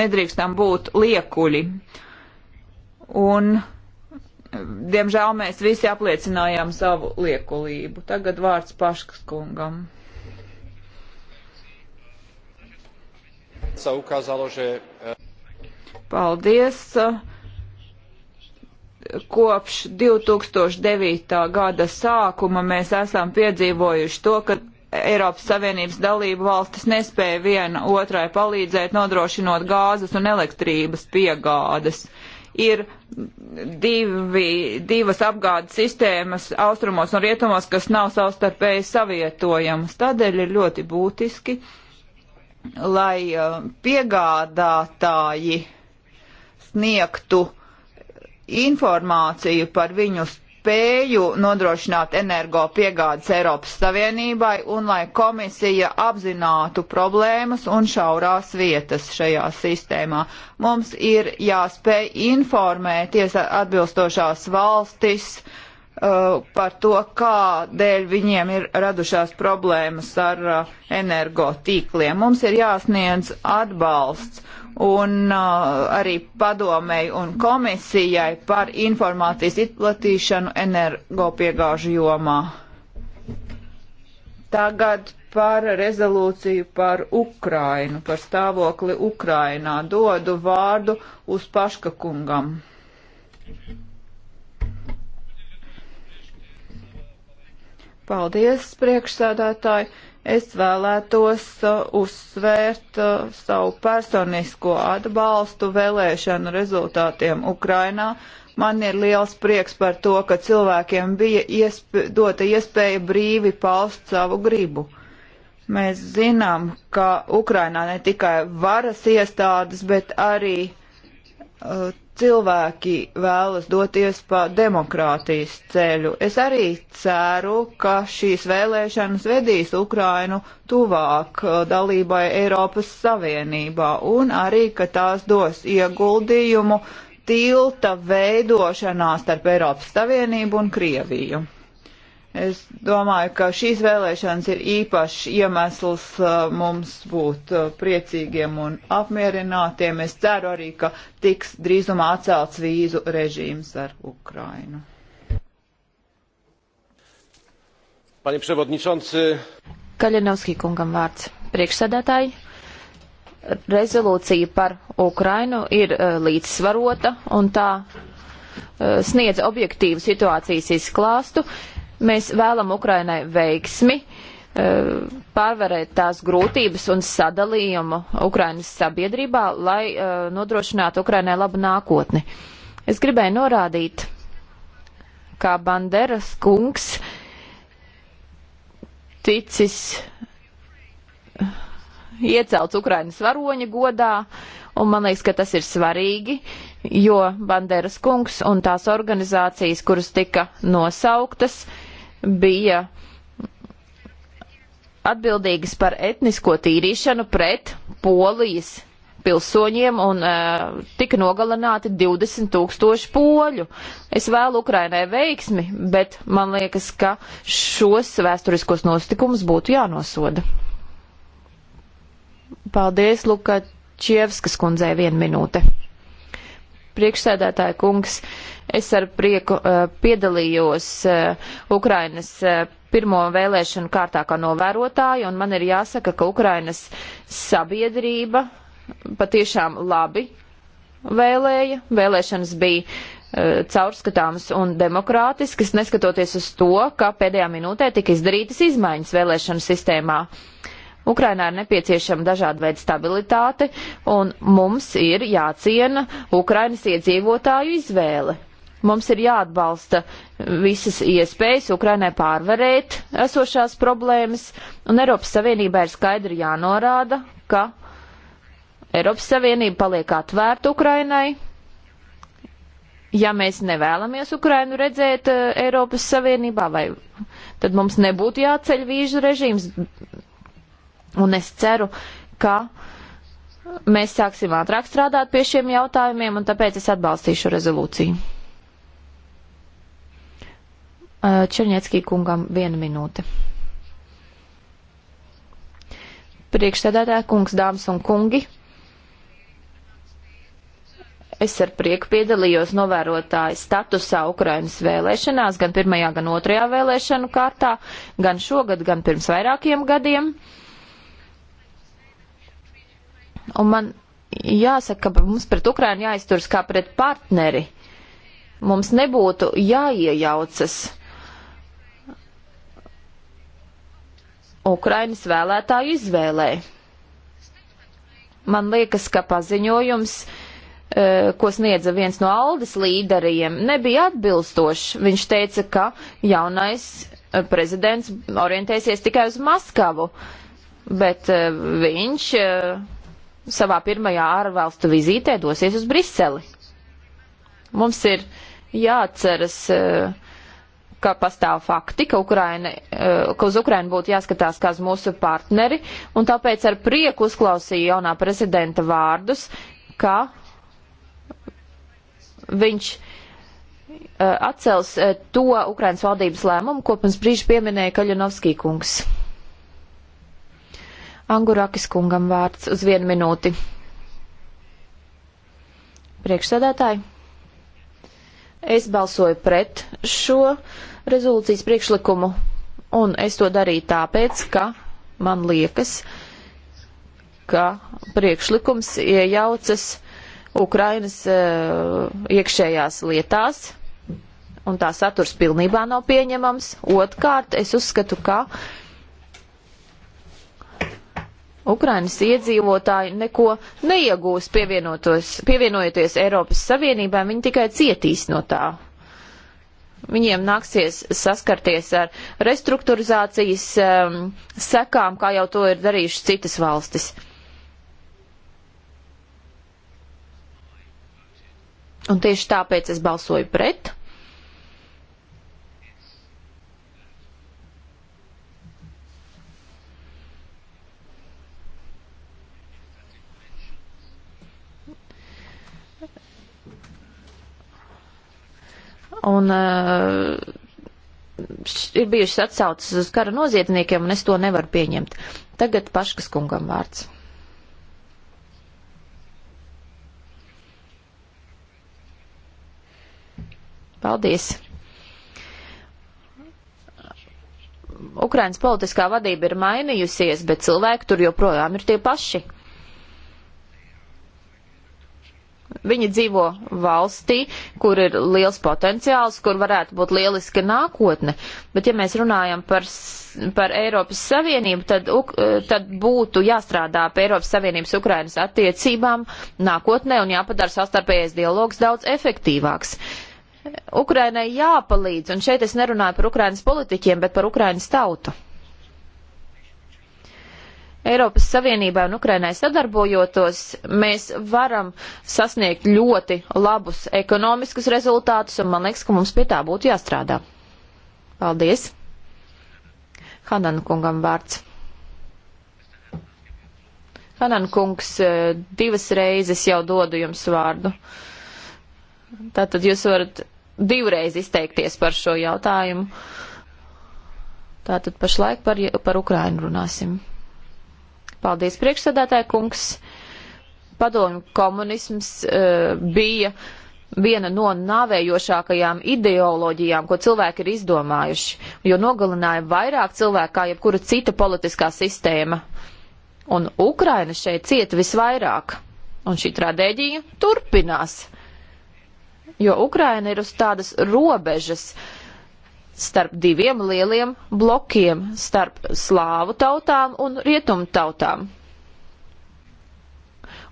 nedrīkstam būt liekuļi. Un uh, Diemžēl mēs visi apliecinājām savu liekulību. Tagad vārds Paškas kungam. E, Paldies! Kopš 2009. gada sākuma mēs esam piedzīvojuši to, ka Eiropas Savienības dalību valstis nespēja viena otrai palīdzēt nodrošinot gāzes un elektrības piegādes. Uh, ir divi, divas apgādes sistēmas austrumos un rietumos, kas nav savstarpēji savietojamas. Tādēļ ir ļoti būtiski, lai uh, piegādātāji sniegtu informāciju par viņus spēju nodrošināt energo piegādes Eiropas Savienībai un lai komisija apzinātu problēmas un šaurās vietas šajā sistēmā. Mums ir jāspēj informēt atbilstošās valstis, uh, Uh, par to, kādēļ viņiem ir radušās problēmas ar uh, energotīkliem. Mums ir jāsniedz atbalsts un uh, arī padomēji un komisijai par informācijas izplatīšanu energopiegāžu jomā. Tagad par rezolūciju par Ukrainu, par stāvokli Ukrainā. Dodu vārdu uz Paška kungam. Thank you. Paldies, priekšsēdētāji! Es vēlētos uh, uzsvērt uh, savu personisko atbalstu vēlēšanu rezultātiem Ukrainā. Man ir liels prieks par to, ka cilvēkiem bija iespē, dota iespēja brīvi paust savu gribu. Mēs zinām, ka Ukrainā ne tikai varas iestādes, bet arī Eh, cilvēki vēlas doties pa demokrātijas ceļu. Es arī ceru, ka šīs vēlēšanas vedīs Ukrainu tuvāk eh, dalībai Eiropas Savienībā un arī, ka tās dos ieguldījumu tilta veidošanā starp Eiropas Savienību un Krieviju. Es domāju, ka šīs vēlēšanas ir īpašs iemesls uh, mums būt uh, priecīgiem un apmierinātiem. Es ceru arī, ka tiks drīzumā atcelts vīzu režīms ar Ukrainu. Panie Przewodniczący. Kaļinovskij kungam vārds. Priekšsēdētāji, rezolūcija par Ukrainu ir uh, līdzsvarota un tā sniedz objektīvu situācijas izklāstu. Uh, Mēs vēlam Ukrainai veiksmi eh, pārvarēt tās grūtības un sadalījumu Ukrainas sabiedrībā, lai eh, nodrošinātu Ukrainai labu nākotni. Es gribēju norādīt, kā Banderas kungs ticis eh, iecelts Ukrainas varoņa godā, un man liekas, ka tas ir svarīgi, jo Banderas kungs un tās organizācijas, kuras tika nosauktas, uh, bija atbildīgas par etnisko tīrīšanu pret polijas pilsoņiem un uh, tika nogalināti 20 tūkstoši poļu. Es vēlu Ukrainai veiksmi, bet man liekas, ka šos vēsturiskos notikumus būtu jānosoda. Paldies, Luka Čievskas kundzei, viena minūte. Priekšsēdētāja kungs, es ar prieku uh, piedalījos uh, Ukrainas uh, pirmo vēlēšanu kārtā kā novērotāja, un man ir jāsaka, ka Ukrainas sabiedrība patiešām labi vēlēja. Vēlēšanas bija uh, caurskatāmas un demokrātiskas, neskatoties uz to, ka pēdējā minūtē tika izdarītas izmaiņas vēlēšanu sistēmā. Uh, Ukrainā ir nepieciešama dažāda veida stabilitāte, un mums ir jāciena Ukrainas iedzīvotāju izvēle. Mums ir jāatbalsta visas iespējas Ukrainai pārvarēt esošās problēmas, un Eiropas Savienībā ir skaidri jānorāda, ka Eiropas Savienība paliek atvērta Ukrainai. Ja mēs nevēlamies Ukrainu redzēt eh, Eiropas Savienībā, vai tad mums nebūtu jāceļ vīžu režīms, Un es ceru, ka mēs sāksim ātrāk strādāt pie šiem jautājumiem, un tāpēc es atbalstīšu rezolūciju. Uh, Černieckī kungam viena minūte. Priekšsēdētāja kungs, dāmas un kungi, es ar prieku piedalījos novērotāju statusā Ukrainas vēlēšanās, gan pirmajā, gan otrajā vēlēšanu kārtā, gan šogad, gan pirms vairākiem gadiem. Uh, Un man jāsaka, ka mums pret Ukrainu jāizturas kā pret partneri. Mums nebūtu jāiejaucas. Ukrainas vēlētāju izvēlē. Man liekas, ka paziņojums, e, ko sniedza viens no Aldes līderiem, nebija atbilstošs. Viņš teica, ka jaunais e, prezidents orientēsies tikai uz Maskavu, bet e, viņš savā pirmajā ārvalstu vizītē dosies uz Briseli. Mums ir jāatceras, eh, ka pastāv fakti, ka, Ukraina, eh, ka uz Ukrainu būtu jāskatās kā uz mūsu partneri, un tāpēc ar prieku uzklausīju jaunā prezidenta vārdus, ka viņš eh, atcels to Ukrainas valdības lēmumu, ko pirms brīža pieminēja Kaļinovskī kungs. Angurakis kungam vārds uz vienu minūti. Priekšsēdētāji, es balsoju pret šo rezolūcijas priekšlikumu, un es to darīju tāpēc, ka man liekas, ka priekšlikums iejaucas Ukrainas uh, iekšējās lietās, un tā saturs pilnībā nav pieņemams. Otkārt, es uzskatu, ka uh, Ukrainas iedzīvotāji neko neiegūs pievienojoties Eiropas Savienībā, viņi tikai cietīs no tā. Viņiem nāksies saskarties ar restruktūrizācijas um, sekām, kā jau to ir darījušas citas valstis. Un tieši tāpēc es balsoju pret. Un eh, ir bijušas atsaucas uz kara noziedzniekiem, un es to nevaru pieņemt. Tagad paškas kungam vārds. Paldies! Ukrainas politiskā vadība ir mainījusies, bet cilvēki tur joprojām ir tie paši. Viņi dzīvo valstī, kur ir liels potenciāls, kur varētu būt lieliska nākotne. Bet, ja mēs runājam par, par Eiropas Savienību, tad, eh, tad būtu jāstrādā pie Eiropas Savienības Ukrainas attiecībām nākotnē un jāpadara sastarpējais dialogs daudz efektīvāks. Ukrainai jāpalīdz, un šeit es nerunāju par Ukrainas politiķiem, bet par Ukrainas tautu. Eiropas Savienībā un Ukrainai sadarbojotos, mēs varam sasniegt ļoti labus ekonomiskus rezultātus, un man liekas, ka mums pie tā būtu jāstrādā. Paldies! Hanan kungam vārds. Hanan kungs, eh, divas reizes jau dodu jums vārdu. Tātad jūs varat divreiz izteikties par šo jautājumu. Tātad pašlaik par, par Ukrainu runāsim. Paldies, priekšsēdētāja kungs. Padomju komunisms uh, bija viena no nāvējošākajām ideoloģijām, ko cilvēki ir izdomājuši, jo nogalināja vairāk cilvēku kā jebkura cita politiskā sistēma. Un Ukraina šeit cieta visvairāk. Un šī traģēdija turpinās, jo Ukraina ir uz tādas robežas. Uh, starp diviem lieliem blokiem - starp slāvu tautām un rietumu tautām.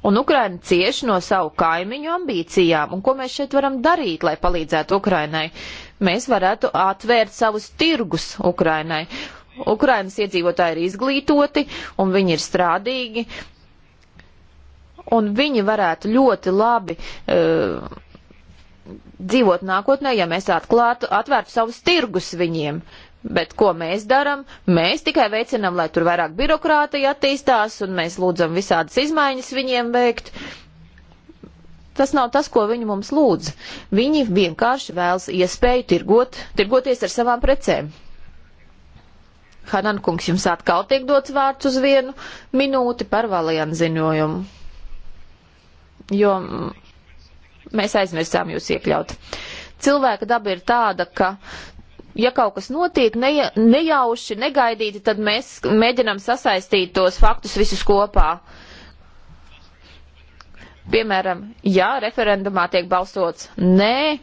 Un Ukraina cieši no savu kaimiņu ambīcijām, un ko mēs šeit varam darīt, lai palīdzētu Ukrainai? Mēs varētu atvērt savus tirgus Ukrainai. Ukrainas iedzīvotāji ir izglītoti, un viņi ir strādīgi, un viņi varētu ļoti labi uh, dzīvot nākotnē, ja mēs atklātu, atvērtu savus tirgus viņiem. Bet ko mēs darām? Mēs tikai veicinām, lai tur vairāk birokrātija attīstās, un mēs lūdzam visādas izmaiņas viņiem veikt. Tas nav tas, ko viņi mums lūdz. Viņi vienkārši vēlas iespēju tirgot, tirgoties ar savām precēm. Hanan kungs, jums atkal tiek dots vārds uz vienu minūti par valienu ziņojumu. Jo mēs aizmirsām jūs iekļaut. Cilvēka daba ir tāda, ka ja kaut kas notiek neja, nejauši, negaidīti, tad mēs mēģinām sasaistīt tos faktus visus kopā. Piemēram, jā, referendumā tiek balsots nē,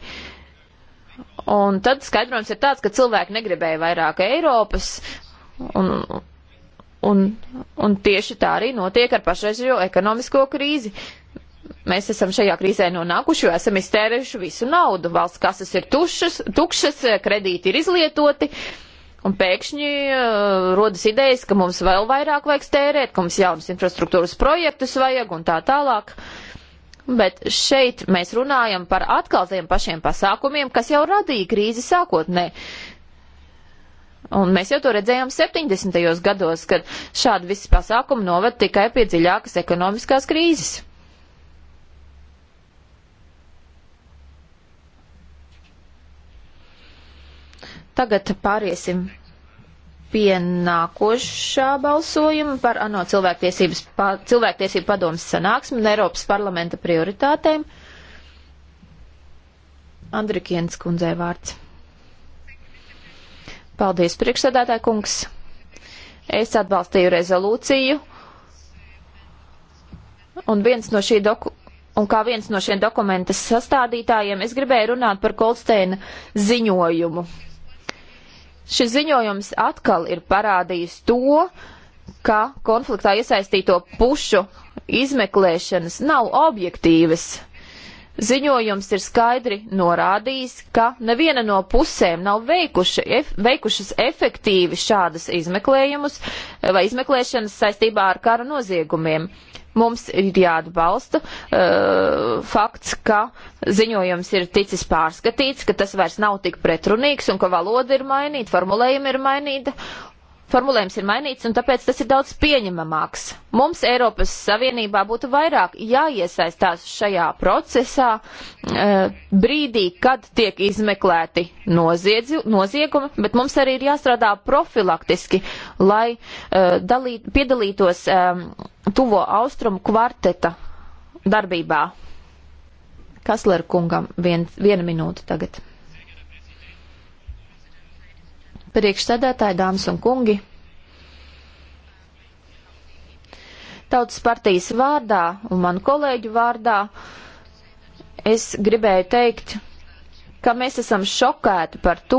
un tad skaidrojums ir tāds, ka cilvēki negribēja vairāk Eiropas, un, un, un tieši tā arī notiek ar pašreizējo ekonomisko krīzi. Uh, Mēs esam šajā krīzē nonākuši, jo esam iztērējuši visu naudu. Valsts kases ir tušas, tukšas, kredīti ir izlietoti. Un pēkšņi uh, rodas idejas, ka mums vēl vairāk vajag tērēt, ka mums jaunas infrastruktūras projektus vajag un tā tālāk. Bet šeit mēs runājam par atkal tiem pašiem pasākumiem, kas jau radīja krīzi sākotnē. Un mēs jau to redzējām 70. gados, kad šādi visi pasākumi noved tikai pie dziļākas ekonomiskās krīzes. Tagad pāriesim pie nākošā balsojuma par ANO cilvēktiesības, pa, cilvēktiesību padomas sanāksmi un Eiropas parlamenta prioritātēm. Andrikienas kundzei vārds. Paldies, priekšsēdētāji kungs. Es atbalstīju rezolūciju. Un, viens no doku, un kā viens no šiem dokumenta sastādītājiem, es gribēju runāt par Kolsteina ziņojumu. Šis ziņojums atkal ir parādījis to, ka konfliktā iesaistīto pušu izmeklēšanas nav objektīvas. Ziņojums ir skaidri norādījis, ka neviena no pusēm nav veikuši, ef, veikušas efektīvi šādas izmeklējumus vai izmeklēšanas saistībā ar kara noziegumiem. Uh, Mums ir jāatbalsta uh, fakts, ka ziņojums ir ticis pārskatīts, ka tas vairs nav tik pretrunīgs un ka valoda ir mainīta, formulējumi ir mainīta formulējums ir mainīts, un tāpēc tas ir daudz pieņemamāks. Mums Eiropas Savienībā būtu vairāk jāiesaistās šajā procesā eh, brīdī, kad tiek izmeklēti noziedzi, noziegumi, bet mums arī ir jāstrādā profilaktiski, lai eh, dalīt, piedalītos ehm, tuvo austrumu kvarteta darbībā. Kasler kungam vien, viena minūte tagad priekšsēdētāji, dāmas un kungi. Tautas partijas vārdā un manu kolēģu vārdā es gribēju teikt, ka mēs esam šokēti par to,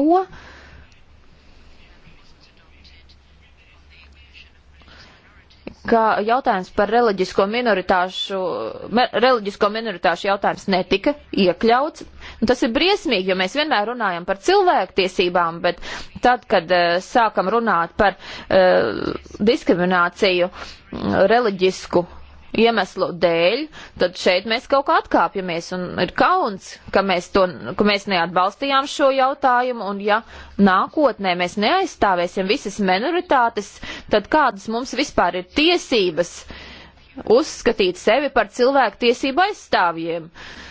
ka jautājums par reliģisko minoritāšu, reliģisko minoritāšu jautājums netika iekļauts Un tas ir briesmīgi, jo mēs vienmēr runājam par cilvēktiesībām, bet tad, kad uh, sākam runāt par uh, diskrimināciju uh, reliģisku iemeslu dēļ, tad šeit mēs kaut kā atkāpjamies un ir kauns, ka mēs, to, ka mēs neatbalstījām šo jautājumu un ja nākotnē mēs neaizstāvēsim visas minoritātes, tad kādas mums vispār ir tiesības uzskatīt sevi par cilvēku tiesību aizstāvjiem? Uh,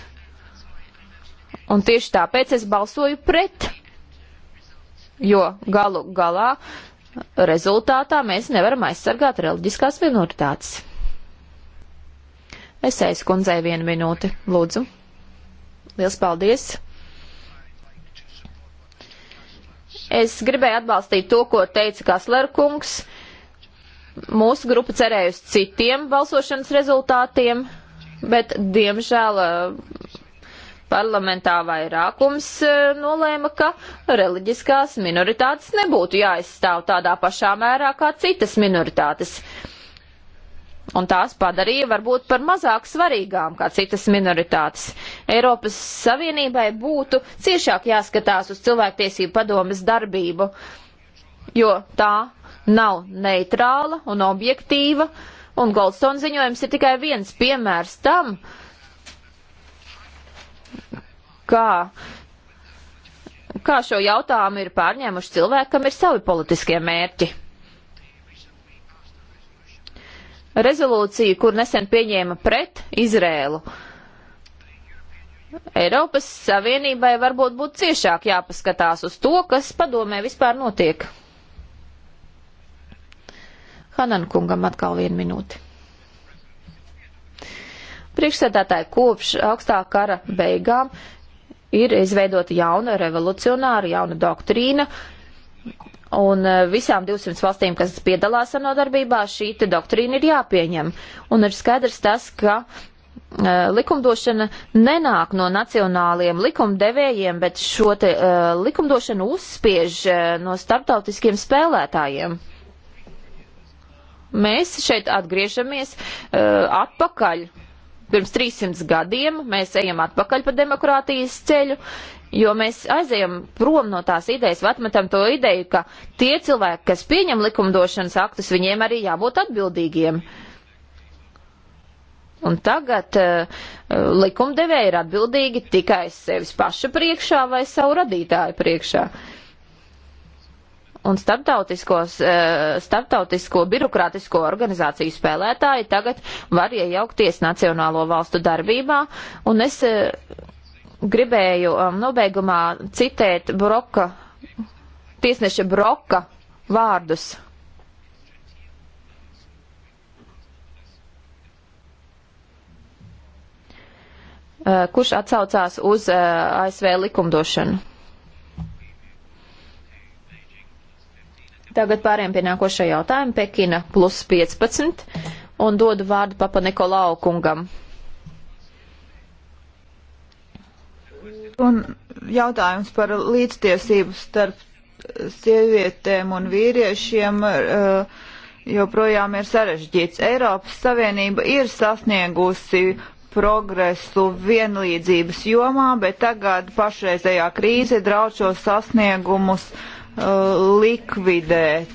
Un tieši tāpēc es balsoju pret, jo galu galā rezultātā mēs nevaram aizsargāt reliģiskās minoritātes. Es aiz kundzei vienu minūti, lūdzu. Liels paldies! Es gribēju atbalstīt to, ko teica Kaslera kungs. Mūsu grupa cerēja uz citiem balsošanas rezultātiem, bet, diemžēl, Parlamentā vairākums e, nolēma, ka reliģiskās minoritātes nebūtu jāizstāv tādā pašā mērā kā citas minoritātes. Un tās padarīja varbūt par mazāk svarīgām kā citas minoritātes. Eiropas Savienībai būtu ciešāk jāskatās uz cilvēktiesību padomes darbību, jo tā nav neitrāla un objektīva, un Goldstone ziņojums ir tikai viens piemērs tam, uh, kā, kā šo jautājumu ir pārņēmuši cilvēki, kam ir savi politiskie mērķi. Rezolūcija, kur nesen pieņēma pret Izrēlu, Eiropas Savienībai varbūt būtu ciešāk jāpaskatās uz to, kas padomē vispār notiek. Hanankungam atkal vienu minūti. Priekšsēdētāji kopš augstā kara beigām ir izveidota jauna revolucionāra, jauna doktrīna, un e, visām 200 valstīm, kas piedalās sanodarbībā, šī te doktrīna ir jāpieņem. Un ir skaidrs tas, ka e, likumdošana nenāk no nacionāliem likumdevējiem, bet šo te uh, likumdošanu uzspiež uh, no starptautiskiem spēlētājiem. Mēs šeit atgriežamies uh, atpakaļ pirms 300 gadiem mēs ejam atpakaļ pa demokrātijas ceļu, jo mēs aizejam prom no tās idejas, atmetam to ideju, ka tie cilvēki, kas pieņem likumdošanas aktus, viņiem arī jābūt atbildīgiem. Un tagad uh, likumdevēji ir atbildīgi tikai sevis paša priekšā vai savu radītāju priekšā. Uh, un starptautiskos, eh, starptautisko birokrātisko organizāciju spēlētāji tagad var iejaukties nacionālo valstu darbībā, un es eh, gribēju um, nobeigumā citēt Broka, tiesneša Broka vārdus. Eh, kurš atsaucās uz ASV likumdošanu. Tagad pāriem pie nākošā jautājuma. Pekina plus 15 un dodu vārdu papa Nikolau kungam. Un jautājums par līdztiesību starp sievietēm un vīriešiem eh, joprojām ir sarežģīts. Eiropas Savienība ir sasniegusi progresu vienlīdzības jomā, bet tagad pašreizējā krīze draud šos sasniegumus uh, Uh, likvidēt.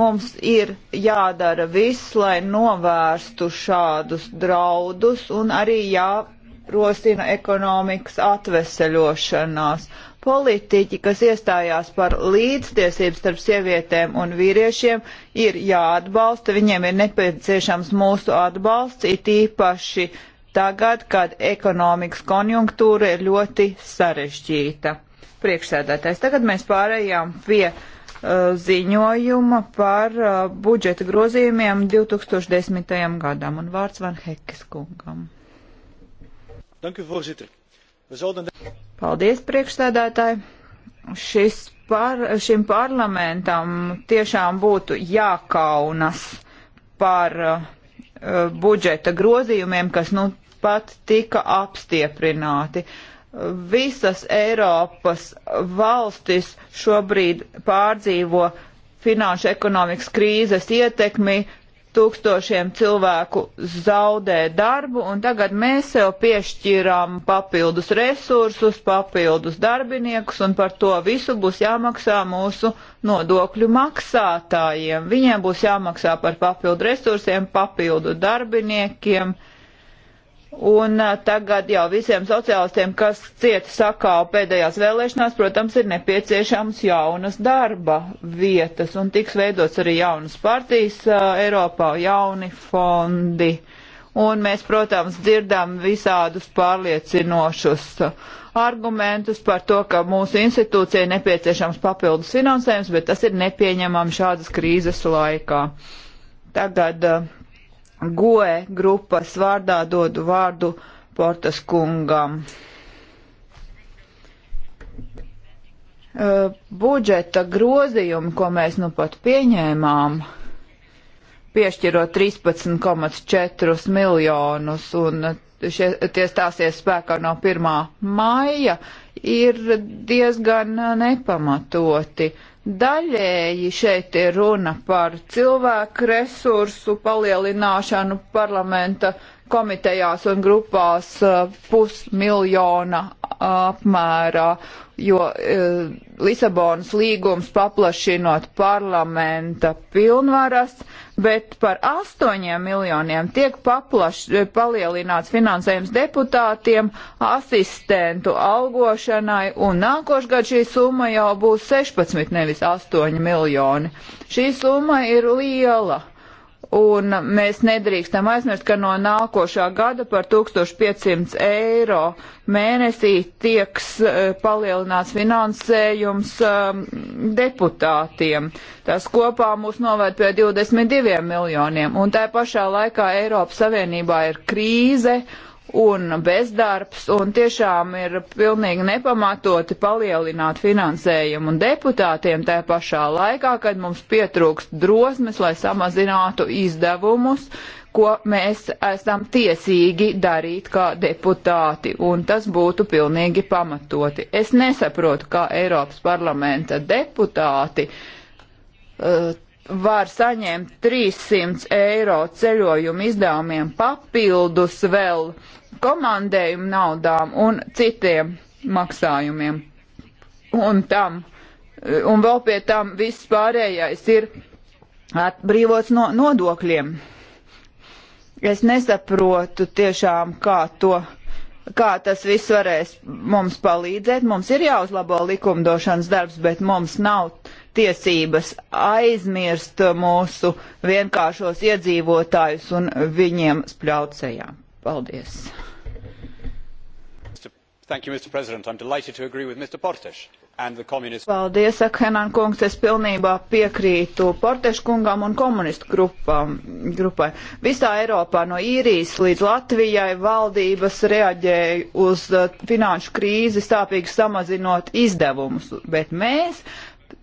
Mums ir jādara viss, lai novērstu šādus draudus un arī jārosina ekonomikas atveseļošanās. Politiķi, kas iestājās par līdztiesību starp sievietēm un vīriešiem, ir jāatbalsta, viņiem ir nepieciešams mūsu atbalsts, it īpaši tagad, kad ekonomikas konjunktūra ir ļoti sarežģīta priekšsēdētājs. Tagad mēs pārējām pie uh, ziņojuma par uh, budžeta grozījumiem 2010. gadam un vārds Van Hekes kungam. Paldies, priekšsēdētāji. Šis par, šim parlamentam tiešām būtu jākaunas par uh, budžeta grozījumiem, kas nu pat tika apstieprināti. Uh, Visas Eiropas valstis šobrīd pārdzīvo finanšu ekonomikas krīzes ietekmi, tūkstošiem cilvēku zaudē darbu, un tagad mēs sev piešķirām papildus resursus, papildus darbiniekus, un par to visu būs jāmaksā mūsu nodokļu maksātājiem. Viņiem būs jāmaksā par papildu resursiem, papildu darbiniekiem. Uh, Un eh, tagad jau visiem sociālistiem, kas cieta sakāva pēdējās vēlēšanās, protams, ir nepieciešams jaunas darba vietas, un tiks veidots arī jaunas partijas eh, Eiropā, jauni fondi. Un mēs, protams, dzirdam visādus pārliecinošus argumentus par to, ka mūsu institūcijai nepieciešams papildus finansējums, bet tas ir nepieņemami šādas krīzes laikā. Tagad uh, GOE grupas vārdā dodu vārdu Portas kungam. Budžeta grozījumi, ko mēs nu pat pieņēmām, piešķirot 13,4 miljonus un šie, tie stāsies spēkā no 1. maija, ir diezgan nepamatoti. Uh, Daļēji šeit ir runa par cilvēku resursu palielināšanu parlamenta uh, komitejās un grupās uh, pusmiljona uh, apmērā, jo uh, Lisabonas līgums paplašinot parlamenta pilnvaras, bet par astoņiem miljoniem tiek paplaš, eh, palielināts finansējums deputātiem, asistentu algošanai, un nākošgad šī summa jau būs 16, nevis 8 miljoni. Šī summa ir liela Un mēs nedrīkstam aizmirst, ka no nākošā gada par 1500 eiro mēnesī tieks eh, palielināts finansējums ehm, deputātiem. Tas kopā mūs novērt pie 22 miljoniem. Un tā pašā laikā Eiropas Savienībā ir krīze un bezdarbs, un tiešām ir pilnīgi nepamatoti palielināt finansējumu deputātiem tajā pašā laikā, kad mums pietrūkst drosmes, lai samazinātu izdevumus, ko mēs esam tiesīgi darīt kā deputāti, un tas būtu pilnīgi pamatoti. Es nesaprotu, kā Eiropas parlamenta deputāti uh, var saņemt 300 eiro ceļojumu izdevumiem papildus vēl komandējumu naudām un citiem maksājumiem. Un, tam, un vēl pie tam viss pārējais ir atbrīvots no nodokļiem. Es nesaprotu tiešām, kā to kā tas viss varēs mums palīdzēt. Mums ir jāuzlabo likumdošanas darbs, bet mums nav tiesības aizmirst mūsu vienkāršos iedzīvotājus un viņiem spļaucējā. Paldies! Thank you, Mr. President. I'm delighted to agree with Mr. Portes and the communist. Paldies, Henan kungs. Es pilnībā piekrītu Portes kungam un komunistu grupam, grupai. Visā Eiropā no īrijas līdz Latvijai valdības reaģēja uz eh, finanšu krīzi, stāpīgi samazinot izdevumus, bet mēs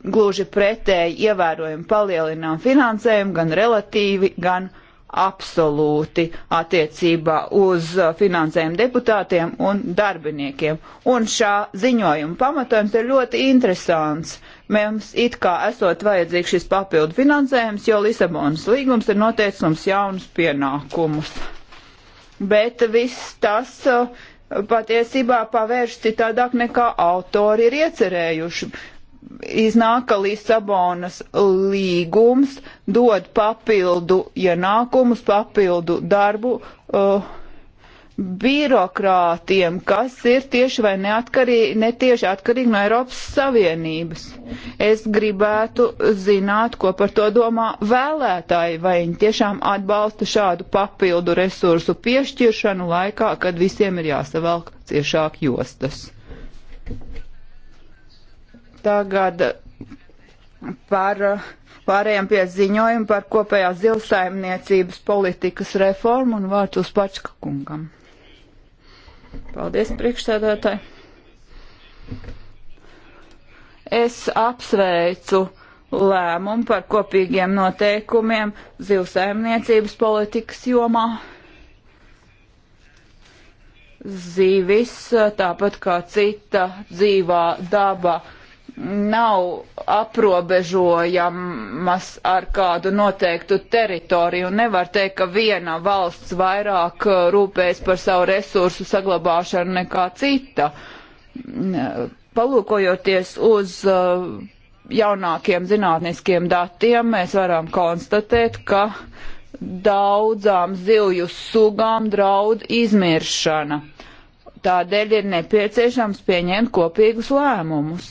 gluži pretēji ievērojami palielinām finansējumu gan relatīvi, gan absolūti attiecībā uz uh, finansējumu deputātiem un darbiniekiem. Un šā ziņojuma pamatojums ir ļoti interesants. Mums it kā esot vajadzīgs šis papildu finansējums, jo Lisabonas līgums ir noteicis mums jaunus pienākumus. Bet viss tas uh, patiesībā pavērš citādāk nekā autori ir iecerējuši iznāk, ka Lisabonas līgums dod papildu ienākumus, ja papildu darbu uh, birokrātiem, kas ir tieši vai neatkarīgi, netieši atkarīgi no Eiropas Savienības. Es gribētu zināt, ko par to domā vēlētāji, vai viņi tiešām atbalsta šādu papildu resursu piešķiršanu laikā, kad visiem ir jāsavelk ciešāk jostas. Tagad par uh, pārējām pie ziņojuma par kopējās zilsaimniecības politikas reformu un vārds uz Pačka kungam. Paldies, priekšsēdētāji. Es apsveicu lēmumu par kopīgiem noteikumiem zivsaimniecības politikas jomā. Zīvis, uh, tāpat kā cita dzīvā daba nav aprobežojamas ar kādu noteiktu teritoriju. Nevar teikt, ka viena valsts vairāk uh, rūpējas par savu resursu saglabāšanu nekā cita. Palūkojoties uz uh, jaunākiem zinātniskiem datiem, mēs varam konstatēt, ka daudzām zivju sugām draud izmiršana. Tādēļ ir nepieciešams pieņemt kopīgus lēmumus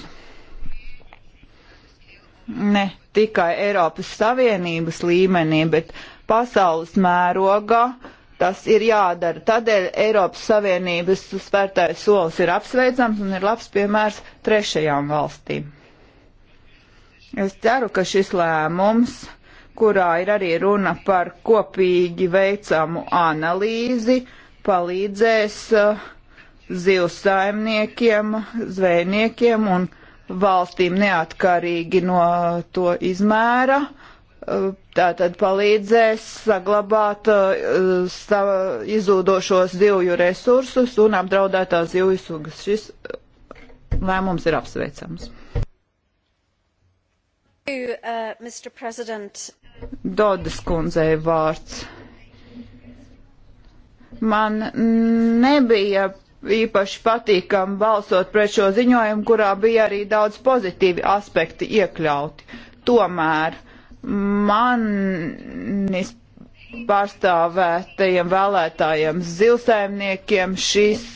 ne tikai Eiropas Savienības līmenī, bet pasaules mērogā. Tas ir jādara. Tādēļ Eiropas Savienības spērtais solis ir apsveicams un ir labs piemērs trešajām valstīm. Es ceru, ka šis lēmums kurā ir arī runa par kopīgi veicamu analīzi, palīdzēs uh, zivsaimniekiem, zvejniekiem un valstīm neatkarīgi no to izmēra. Uh, tātad palīdzēs saglabāt uh, izzūdošos zivju resursus un apdraudētās zivju sugas. Šis uh, lēmums ir apsveicams. Uh, Dodas kundzei vārds. Man nebija īpaši patīkam balsot pret šo ziņojumu, kurā bija arī daudz pozitīvi aspekti iekļauti. Tomēr manis pārstāvētajiem vēlētājiem zilsēmniekiem šis,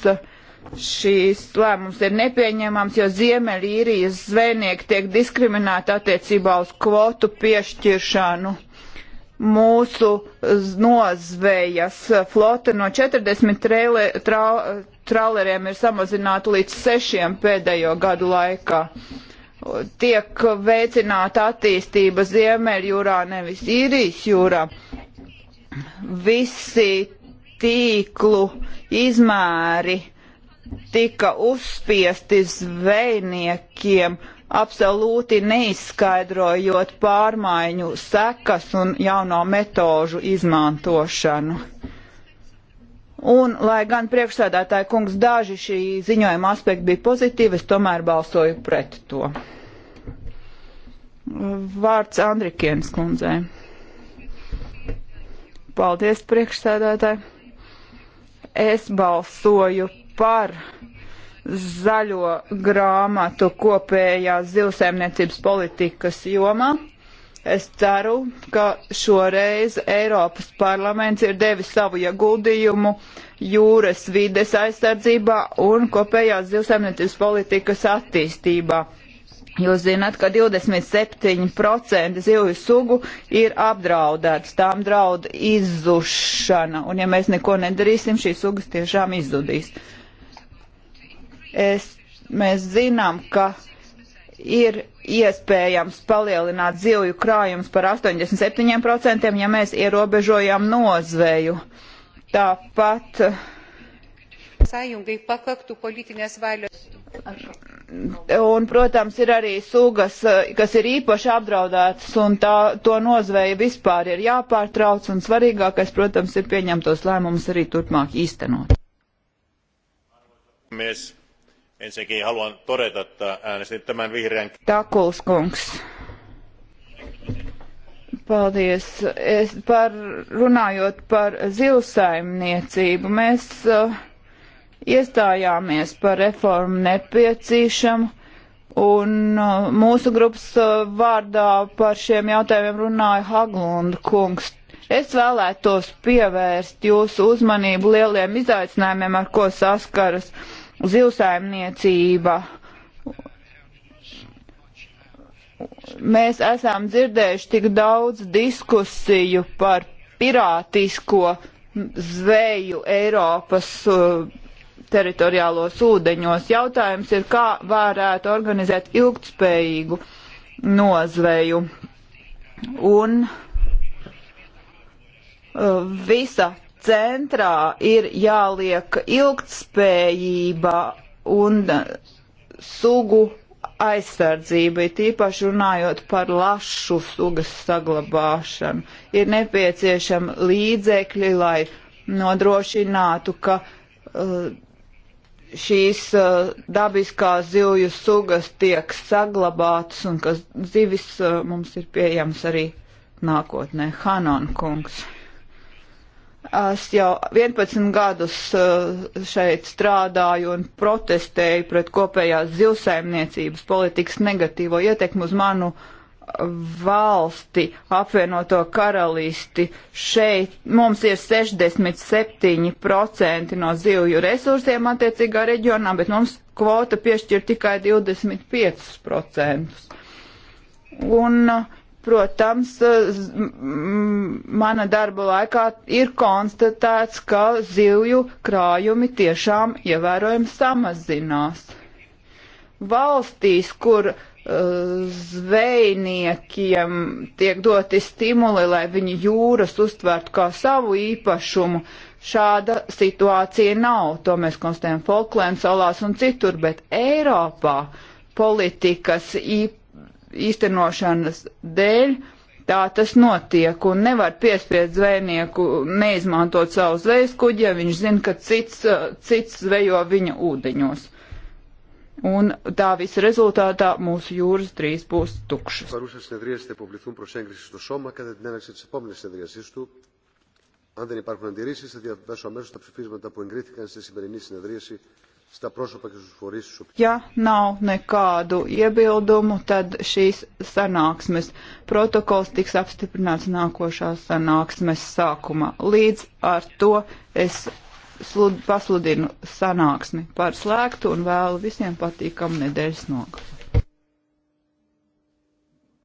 šis lēmums ir nepieņemams, jo Ziemeļīrijas zvejnieki tiek diskriminēti attiecībā uz kvotu piešķiršanu mūsu nozvejas flote no 40 trele, tra, traleriem ir samazināta līdz sešiem pēdējo gadu laikā. Tiek veicināta attīstība Ziemeļjūrā, nevis Īrijas jūrā. Visi tīklu izmēri tika uzspiesti zvejniekiem, absolūti neizskaidrojot pārmaiņu sekas un jauno metožu izmantošanu. Un, lai gan priekšsēdētāja kungs daži šī ziņojuma aspekti bija pozitīvi, es tomēr balsoju pret to. Vārds Andrikienas kundzei. Paldies, priekšsēdētāji. Es balsoju par zaļo grāmatu kopējās zivsēmniecības politikas jomā. Es ceru, ka šoreiz Eiropas parlaments ir devis savu ieguldījumu jūras vides aizsardzībā un kopējās zivsaimniecības politikas attīstībā. Jūs zināt, ka 27% zivju sugu ir apdraudēts, tām draud izzušana, un ja mēs neko nedarīsim, šīs sugas tiešām izzudīs. Es, mēs zinām, ka uh, ir iespējams palielināt zivju krājumus par 87%, ja mēs ierobežojam nozveju. Tāpat Un, protams, ir arī sugas, kas ir īpaši apdraudētas, un tā, to nozveja vispār ir jāpārtrauc, un svarīgākais, protams, ir pieņemtos lēmumus arī turpmāk īstenot. Mēs ensinnäkin haluan todeta että äänestin tämän vihreän. Takulskungs. Paldies. Es par, runājot par zivsaimniecību, mēs uh, iestājāmies par reformu nepieciešamu un uh, mūsu grupas uh, vārdā par šiem jautājumiem runāja Haglund kungs. Es vēlētos pievērst jūsu uzmanību lieliem izaicinājumiem, ar ko saskaras uh, zivsaimniecība. Mēs esam dzirdējuši tik daudz diskusiju par pirātisko zveju Eiropas uh, teritoriālos ūdeņos. Jautājums ir, kā varētu organizēt ilgtspējīgu nozveju. Un uh, visa centrā ir jāliek ilgtspējība un sugu aizsardzībai, tīpaši runājot par lašu sugas saglabāšanu. Ir nepieciešama līdzekļi, lai nodrošinātu, ka uh, šīs uh, dabiskās zivju sugas tiek saglabātas un ka zivis uh, mums ir pieejams arī nākotnē. Hanon kungs. Es jau 11 gadus eh, šeit strādāju un protestēju pret kopējās zivsaimniecības politikas negatīvo ietekmu uz manu valsti, apvienoto karalisti. Šeit mums ir 67% no zivju resursiem attiecīgā reģionā, bet mums kvota piešķir tikai 25%. Un uh, Protams, eh, mana darba laikā ir konstatēts, ka zivju krājumi tiešām ievērojami samazinās. Valstīs, kur eh, zvejniekiem tiek doti stimuli, lai viņi jūras uztvērtu kā savu īpašumu. Šāda situācija nav, to mēs konstatējam Folklēnas salās un citur, bet Eiropā politikas īpašums īstenošanas dēļ tā tas notiek, un nevar piespiest zvejnieku neizmantot savu zvejas kuģi, ja viņš zina, ka cits, eh, cits zvejo viņa ūdeņos. Un tā visa rezultātā mūsu jūras drīz būs tukšas. Αν δεν υπάρχουν αντιρρήσεις, θα διαβάσω αμέσως τα ψηφίσματα που εγκρίθηκαν στη σημερινή συνεδρίαση Ja nav nekādu iebildumu, tad šīs sanāksmes protokols tiks apstiprināts nākošās sanāksmes sākumā. Līdz ar to es slud, pasludinu sanāksmi par slēgtu un vēlu visiem patīkamu nedēļas nogalu.